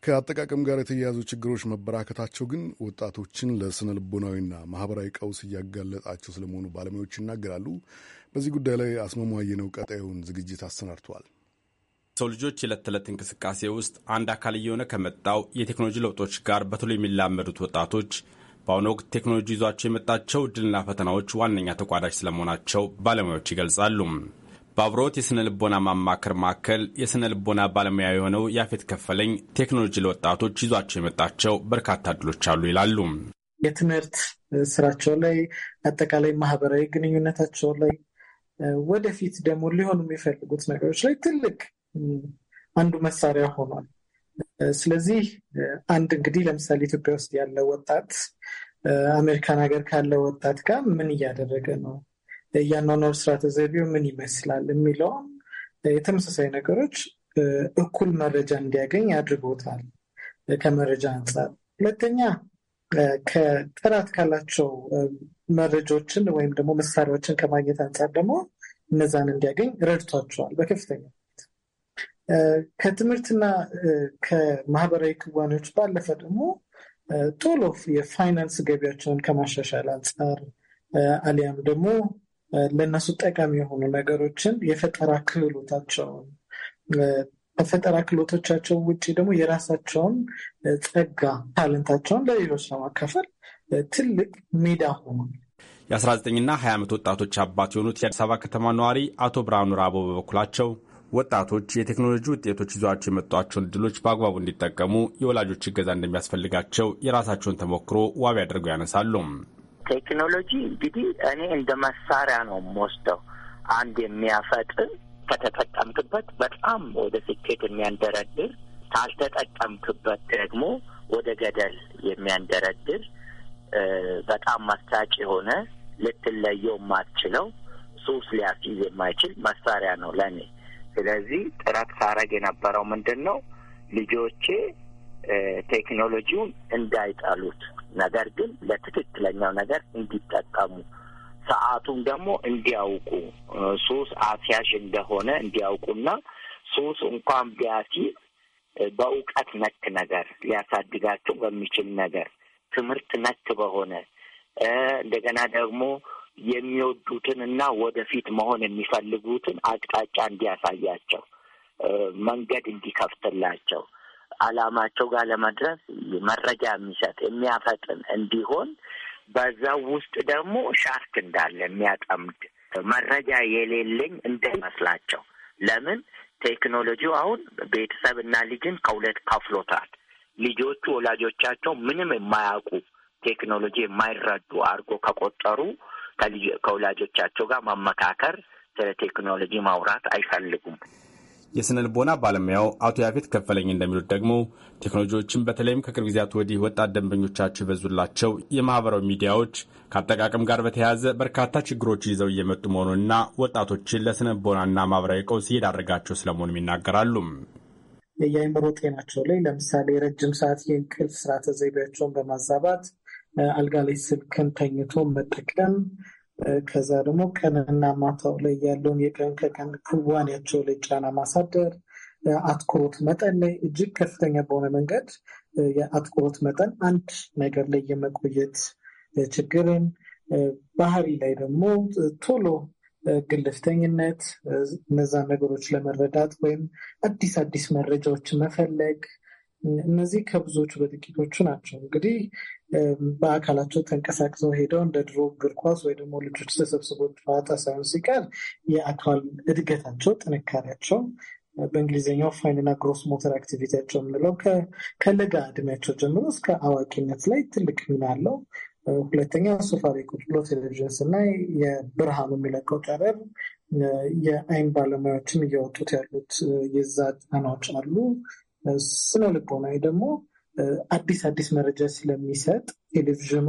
ከአጠቃቀም ጋር የተያያዙ ችግሮች መበራከታቸው ግን ወጣቶችን ለስነ ልቦናዊና ማህበራዊ ቀውስ እያጋለጣቸው ስለመሆኑ ባለሙያዎች ይናገራሉ። በዚህ ጉዳይ ላይ አስማማው ቀጣዩን ዝግጅት አሰናድተዋል። ሰው ልጆች የዕለት ተዕለት እንቅስቃሴ ውስጥ አንድ አካል እየሆነ ከመጣው የቴክኖሎጂ ለውጦች ጋር በቶሎ የሚላመዱት ወጣቶች በአሁኑ ወቅት ቴክኖሎጂ ይዟቸው የመጣቸው እድልና ፈተናዎች ዋነኛ ተቋዳጅ ስለመሆናቸው ባለሙያዎች ይገልጻሉ። በአብሮት የሥነ ልቦና ማማከር ማዕከል የሥነ ልቦና ባለሙያ የሆነው ያፌት ከፈለኝ ቴክኖሎጂ ለወጣቶች ይዟቸው የመጣቸው በርካታ እድሎች አሉ ይላሉ። የትምህርት ስራቸው ላይ፣ አጠቃላይ ማህበራዊ ግንኙነታቸው ላይ፣ ወደፊት ደግሞ ሊሆኑ የሚፈልጉት ነገሮች ላይ ትልቅ አንዱ መሳሪያ ሆኗል። ስለዚህ አንድ እንግዲህ ለምሳሌ ኢትዮጵያ ውስጥ ያለ ወጣት አሜሪካን ሀገር ካለው ወጣት ጋር ምን እያደረገ ነው፣ የአኗኗር ስርዓተ ዘይቤው ምን ይመስላል የሚለው የተመሳሳይ ነገሮች እኩል መረጃ እንዲያገኝ አድርጎታል። ከመረጃ አንጻር ሁለተኛ ከጥራት ካላቸው መረጃዎችን ወይም ደግሞ መሳሪያዎችን ከማግኘት አንጻር ደግሞ እነዛን እንዲያገኝ ረድቷቸዋል በከፍተኛ ከትምህርትና ከማህበራዊ ክዋኔዎች ባለፈ ደግሞ ቶሎ የፋይናንስ ገቢያቸውን ከማሻሻል አንጻር አሊያም ደግሞ ለእነሱ ጠቃሚ የሆኑ ነገሮችን የፈጠራ ክህሎታቸውን ከፈጠራ ክህሎቶቻቸው ውጭ ደግሞ የራሳቸውን ጸጋ ታለንታቸውን ለሌሎች ለማካፈል ትልቅ ሜዳ ሆኗል። የ19ና 20 ዓመት ወጣቶች አባት የሆኑት የአዲስ አበባ ከተማ ነዋሪ አቶ ብርሃኑ ራቦ በበኩላቸው ወጣቶች የቴክኖሎጂ ውጤቶች ይዟቸው የመጧቸውን እድሎች በአግባቡ እንዲጠቀሙ የወላጆች እገዛ እንደሚያስፈልጋቸው የራሳቸውን ተሞክሮ ዋቢ አድርገው ያነሳሉ። ቴክኖሎጂ እንግዲህ እኔ እንደ መሳሪያ ነው የምወስደው። አንድ የሚያፈጥን ከተጠቀምክበት በጣም ወደ ስኬት የሚያንደረድር ካልተጠቀምክበት ደግሞ ወደ ገደል የሚያንደረድር በጣም ማስታጭ የሆነ ልትለየው የማትችለው ሱስ ሊያስይዝ የማይችል መሳሪያ ነው ለእኔ። ስለዚህ ጥረት ሳረግ የነበረው ምንድን ነው ልጆቼ ቴክኖሎጂውን እንዳይጠሉት፣ ነገር ግን ለትክክለኛው ነገር እንዲጠቀሙ ሰዓቱም ደግሞ እንዲያውቁ ሱስ አስያዥ እንደሆነ እንዲያውቁና ሱስ እንኳን ቢያስይዝ በእውቀት ነክ ነገር ሊያሳድጋቸው በሚችል ነገር ትምህርት ነክ በሆነ እንደገና ደግሞ የሚወዱትን እና ወደፊት መሆን የሚፈልጉትን አቅጣጫ እንዲያሳያቸው መንገድ እንዲከፍትላቸው አላማቸው ጋር ለመድረስ መረጃ የሚሰጥ የሚያፈጥን እንዲሆን በዛው ውስጥ ደግሞ ሻርክ እንዳለ የሚያጠምድ መረጃ የሌለኝ እንዳይመስላቸው። ለምን ቴክኖሎጂው አሁን ቤተሰብ እና ልጅን ከሁለት ከፍሎታል። ልጆቹ ወላጆቻቸው ምንም የማያውቁ ቴክኖሎጂ የማይረዱ አድርጎ ከቆጠሩ ከወላጆቻቸው ጋር ማመካከር ስለ ቴክኖሎጂ ማውራት አይፈልጉም። የስነ ልቦና ባለሙያው አቶ ያፌት ከፈለኝ እንደሚሉት ደግሞ ቴክኖሎጂዎችን በተለይም ከቅርብ ጊዜያት ወዲህ ወጣት ደንበኞቻቸው የበዙላቸው የማህበራዊ ሚዲያዎች ከአጠቃቀም ጋር በተያያዘ በርካታ ችግሮች ይዘው እየመጡ መሆኑንና ወጣቶችን ለስነ ልቦናና ማህበራዊ ቀውስ እየዳረጋቸው ስለመሆኑም ይናገራሉ። የአእምሮ ጤናቸው ላይ ለምሳሌ ረጅም ሰዓት የእንቅልፍ ስርዓተ ዘይቤያቸውን በማዛባት አልጋ ላይ ስልክን ተኝቶ መጠቀም ከዛ ደግሞ ቀንና ማታው ላይ ያለውን የቀን ከቀን ክዋኔያቸው ላይ ጫና ማሳደር፣ አትኩሮት መጠን ላይ እጅግ ከፍተኛ በሆነ መንገድ የአትኩሮት መጠን አንድ ነገር ላይ የመቆየት ችግርን፣ ባህሪ ላይ ደግሞ ቶሎ ግልፍተኝነት፣ እነዛን ነገሮች ለመረዳት ወይም አዲስ አዲስ መረጃዎች መፈለግ እነዚህ ከብዙዎቹ በጥቂቶቹ ናቸው። እንግዲህ በአካላቸው ተንቀሳቅሰው ሄደው እንደ ድሮ እግር ኳስ ወይ ደግሞ ልጆች ተሰብስቦ ጨዋታ ሳይሆን ሲቀር የአካል እድገታቸው፣ ጥንካሬያቸው በእንግሊዝኛው ፋይንና ግሮስ ሞተር አክቲቪቲያቸው የምንለው ከለጋ እድሜያቸው ጀምሮ እስከ አዋቂነት ላይ ትልቅ ሚና አለው። ሁለተኛ ሶፋሪ ላይ ቁጭ ብሎ ቴሌቪዥን ስናይ የብርሃኑ የሚለቀው ጨረር የአይን ባለሙያዎችም እያወጡት ያሉት የዛ ጫናዎች አሉ። ስነ ልቦናዊ ደግሞ አዲስ አዲስ መረጃ ስለሚሰጥ ቴሌቪዥኑ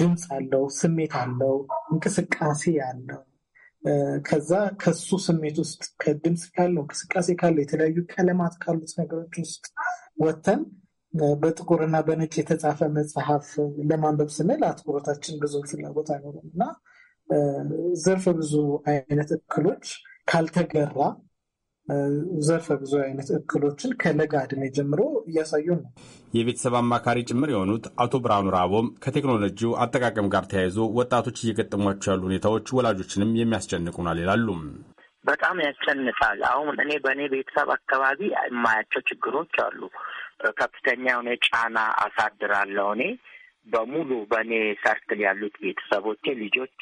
ድምፅ አለው፣ ስሜት አለው፣ እንቅስቃሴ አለው። ከዛ ከሱ ስሜት ውስጥ ከድምፅ ካለው እንቅስቃሴ ካለው የተለያዩ ቀለማት ካሉት ነገሮች ውስጥ ወጥተን በጥቁርና በነጭ የተጻፈ መጽሐፍ ለማንበብ ስንል አትኩሮታችን ብዙ ፍላጎት አይኖርም እና ዘርፈ ብዙ አይነት እክሎች ካልተገራ ዘርፈ ብዙ አይነት እክሎችን ከለጋ ዕድሜ ጀምሮ እያሳዩ ነው። የቤተሰብ አማካሪ ጭምር የሆኑት አቶ ብርሃኑ ራቦም ከቴክኖሎጂው አጠቃቀም ጋር ተያይዞ ወጣቶች እየገጠሟቸው ያሉ ሁኔታዎች ወላጆችንም የሚያስጨንቁናል ይላሉ። በጣም ያስጨንቃል። አሁን እኔ በእኔ ቤተሰብ አካባቢ የማያቸው ችግሮች አሉ። ከፍተኛ የሆነ ጫና አሳድራለሁ እኔ በሙሉ በእኔ ሰርክል ያሉት ቤተሰቦቼ ልጆች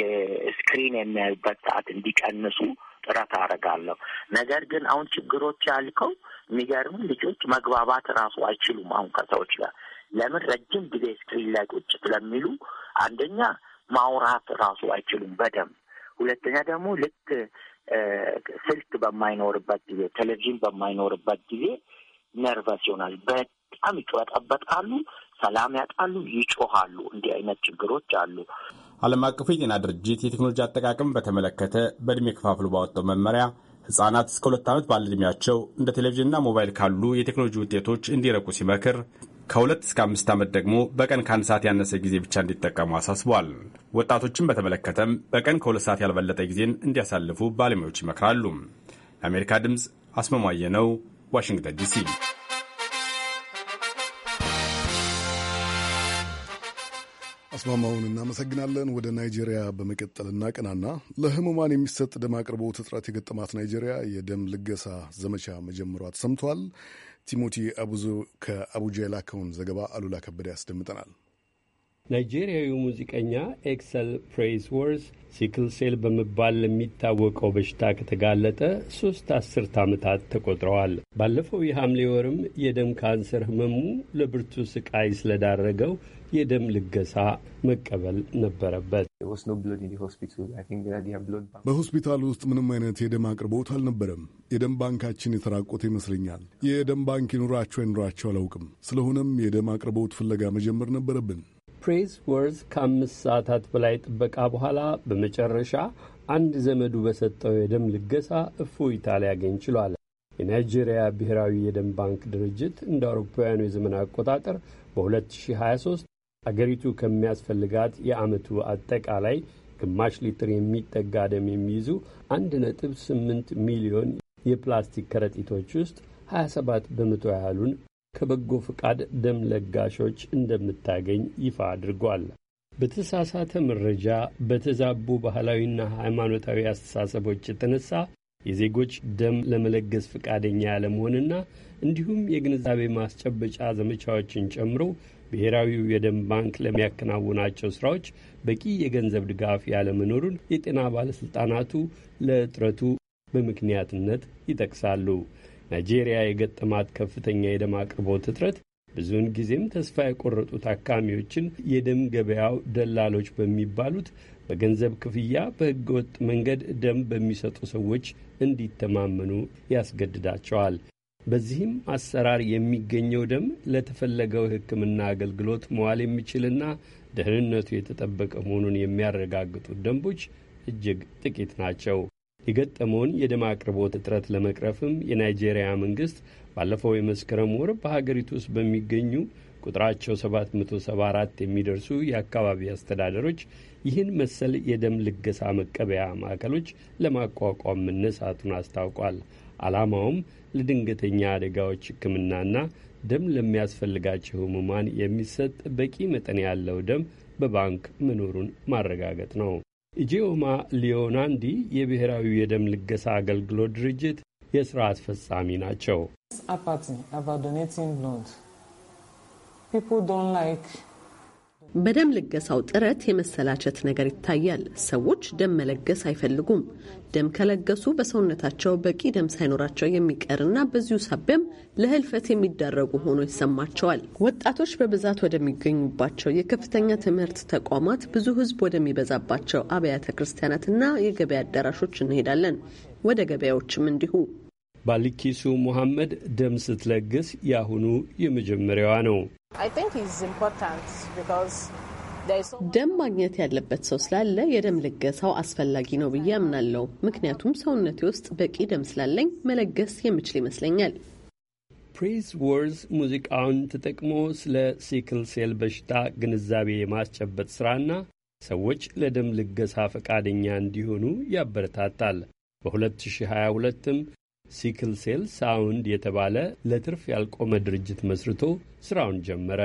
የስክሪን የሚያዩበት ሰዓት እንዲቀንሱ ጥረት አደርጋለሁ። ነገር ግን አሁን ችግሮች ያልከው የሚገርሙ ልጆች መግባባት እራሱ አይችሉም። አሁን ከሰዎች ጋር ለምን ረጅም ጊዜ ስክሪን ላይ ቁጭ ስለሚሉ አንደኛ ማውራት እራሱ አይችሉም በደንብ ሁለተኛ ደግሞ ልክ ስልክ በማይኖርበት ጊዜ ቴሌቪዥን በማይኖርበት ጊዜ ነርቨስ ይሆናል። በጣም ይጨበጠበጣሉ፣ ሰላም ያጣሉ፣ ይጮሃሉ። እንዲህ አይነት ችግሮች አሉ። ዓለም አቀፉ የጤና ድርጅት የቴክኖሎጂ አጠቃቀም በተመለከተ በእድሜ ከፋፍሎ ባወጣው መመሪያ ህጻናት እስከ ሁለት ዓመት ባለ ዕድሜያቸው እንደ ቴሌቪዥንና ሞባይል ካሉ የቴክኖሎጂ ውጤቶች እንዲረቁ ሲመክር ከሁለት እስከ አምስት ዓመት ደግሞ በቀን ከአንድ ሰዓት ያነሰ ጊዜ ብቻ እንዲጠቀሙ አሳስቧል። ወጣቶችን በተመለከተም በቀን ከሁለት ሰዓት ያልበለጠ ጊዜን እንዲያሳልፉ ባለሙያዎች ይመክራሉ። ለአሜሪካ ድምፅ አስመሟየ ነው፣ ዋሽንግተን ዲሲ አስማማውን እናመሰግናለን። ወደ ናይጄሪያ በመቀጠል እናቀናና ለህሙማን የሚሰጥ ደም አቅርቦት እጥረት የገጠማት ናይጄሪያ የደም ልገሳ ዘመቻ መጀመሯ ተሰምቷል። ቲሞቲ አቡዞ ከአቡጃ የላከውን ዘገባ አሉላ ከበደ ያስደምጠናል። ናይጄሪያዊ ሙዚቀኛ ኤክሰል ፕሬስ ወርስ ሲክል ሴል በመባል ለሚታወቀው በሽታ ከተጋለጠ ሶስት አስርት ዓመታት ተቆጥረዋል። ባለፈው የሐምሌ ወርም የደም ካንሰር ህመሙ ለብርቱ ስቃይ ስለዳረገው የደም ልገሳ መቀበል ነበረበት። በሆስፒታል ውስጥ ምንም አይነት የደም አቅርቦት አልነበረም። የደም ባንካችን የተራቆተ ይመስለኛል። የደም ባንክ ይኑራቸው አይኑራቸው አላውቅም። ስለሆነም የደም አቅርቦት ፍለጋ መጀመር ነበረብን። ፕሬዝ ወርዝ ከአምስት ሰዓታት በላይ ጥበቃ በኋላ በመጨረሻ አንድ ዘመዱ በሰጠው የደም ልገሳ እፎይታ ሊያገኝ ችሏል። የናይጄሪያ ብሔራዊ የደም ባንክ ድርጅት እንደ አውሮፓውያኑ የዘመን አቆጣጠር በ2023 አገሪቱ ከሚያስፈልጋት የዓመቱ አጠቃላይ ግማሽ ሊትር የሚጠጋ ደም የሚይዙ 1.8 ሚሊዮን የፕላስቲክ ከረጢቶች ውስጥ 27 በመቶ ያህሉን ከበጎ ፈቃድ ደም ለጋሾች እንደምታገኝ ይፋ አድርጓል። በተሳሳተ መረጃ በተዛቡ ባህላዊና ሃይማኖታዊ አስተሳሰቦች የተነሳ የዜጎች ደም ለመለገስ ፈቃደኛ ያለመሆንና እንዲሁም የግንዛቤ ማስጨበጫ ዘመቻዎችን ጨምሮ ብሔራዊው የደም ባንክ ለሚያከናውናቸው ስራዎች በቂ የገንዘብ ድጋፍ ያለመኖሩን የጤና ባለሥልጣናቱ ለእጥረቱ በምክንያትነት ይጠቅሳሉ። ናይጄሪያ የገጠማት ከፍተኛ የደም አቅርቦት እጥረት ብዙውን ጊዜም ተስፋ የቆረጡ ታካሚዎችን የደም ገበያው ደላሎች በሚባሉት በገንዘብ ክፍያ በህገወጥ መንገድ ደም በሚሰጡ ሰዎች እንዲተማመኑ ያስገድዳቸዋል። በዚህም አሰራር የሚገኘው ደም ለተፈለገው ሕክምና አገልግሎት መዋል የሚችልና ደህንነቱ የተጠበቀ መሆኑን የሚያረጋግጡት ደንቦች እጅግ ጥቂት ናቸው። የገጠመውን የደም አቅርቦት እጥረት ለመቅረፍም የናይጄሪያ መንግስት ባለፈው የመስከረም ወር በሀገሪቱ ውስጥ በሚገኙ ቁጥራቸው 774 የሚደርሱ የአካባቢ አስተዳደሮች ይህን መሰል የደም ልገሳ መቀበያ ማዕከሎች ለማቋቋም መነሳቱን አስታውቋል። ዓላማውም ለድንገተኛ አደጋዎች ሕክምናና ደም ለሚያስፈልጋቸው ህሙማን የሚሰጥ በቂ መጠን ያለው ደም በባንክ መኖሩን ማረጋገጥ ነው። ኢጂኦማ ሊዮናንዲ የብሔራዊ የደም ልገሳ አገልግሎት ድርጅት የሥራ አስፈጻሚ ናቸው። በደም ልገሳው ጥረት የመሰላቸት ነገር ይታያል። ሰዎች ደም መለገስ አይፈልጉም። ደም ከለገሱ በሰውነታቸው በቂ ደም ሳይኖራቸው የሚቀርና በዚሁ ሳቢያም ለህልፈት የሚዳረጉ ሆኖ ይሰማቸዋል። ወጣቶች በብዛት ወደሚገኙባቸው የከፍተኛ ትምህርት ተቋማት፣ ብዙ ህዝብ ወደሚበዛባቸው አብያተ ክርስቲያናትና የገበያ አዳራሾች እንሄዳለን። ወደ ገበያዎችም እንዲሁ ባሊኪሱ ሙሐመድ ደም ስትለግስ ያሁኑ የመጀመሪያዋ ነው። ደም ማግኘት ያለበት ሰው ስላለ የደም ልገሳው አስፈላጊ ነው ብዬ አምናለሁ። ምክንያቱም ሰውነቴ ውስጥ በቂ ደም ስላለኝ መለገስ የምችል ይመስለኛል። ፕሬዝ ወርዝ ሙዚቃውን ተጠቅሞ ስለ ሲክል ሴል በሽታ ግንዛቤ የማስጨበጥ ሥራና ሰዎች ለደም ልገሳ ፈቃደኛ እንዲሆኑ ያበረታታል። በ2022ም ሲክል ሴል ሳውንድ የተባለ ለትርፍ ያልቆመ ድርጅት መስርቶ ስራውን ጀመረ።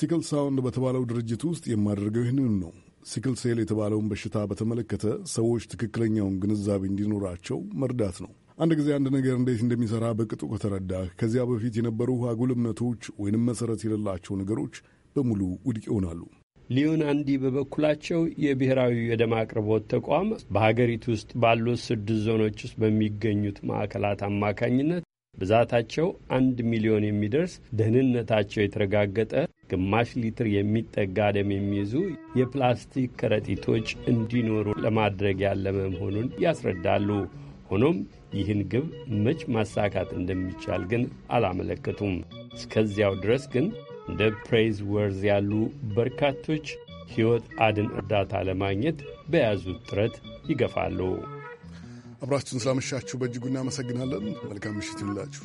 ሲክል ሳውንድ በተባለው ድርጅት ውስጥ የማደርገው ይህንን ነው። ሲክል ሴል የተባለውን በሽታ በተመለከተ ሰዎች ትክክለኛውን ግንዛቤ እንዲኖራቸው መርዳት ነው። አንድ ጊዜ አንድ ነገር እንዴት እንደሚሰራ በቅጡ ከተረዳህ ከዚያ በፊት የነበሩ አጉል እምነቶች ወይንም መሰረት የሌላቸው ነገሮች በሙሉ ውድቅ ይሆናሉ። ሊዮን አንዲ በበኩላቸው የብሔራዊ የደም አቅርቦት ተቋም በሀገሪቱ ውስጥ ባሉት ስድስት ዞኖች ውስጥ በሚገኙት ማዕከላት አማካኝነት ብዛታቸው አንድ ሚሊዮን የሚደርስ ደህንነታቸው የተረጋገጠ ግማሽ ሊትር የሚጠጋ ደም የሚይዙ የፕላስቲክ ከረጢቶች እንዲኖሩ ለማድረግ ያለመ መሆኑን ያስረዳሉ። ሆኖም ይህን ግብ መች ማሳካት እንደሚቻል ግን አላመለከቱም። እስከዚያው ድረስ ግን እንደ ፕሬዝ ወርዝ ያሉ በርካቶች ሕይወት አድን እርዳታ ለማግኘት በያዙት ጥረት ይገፋሉ። አብራችሁን ስላመሻችሁ በእጅጉ እናመሰግናለን። መልካም ምሽት ይሁንላችሁ።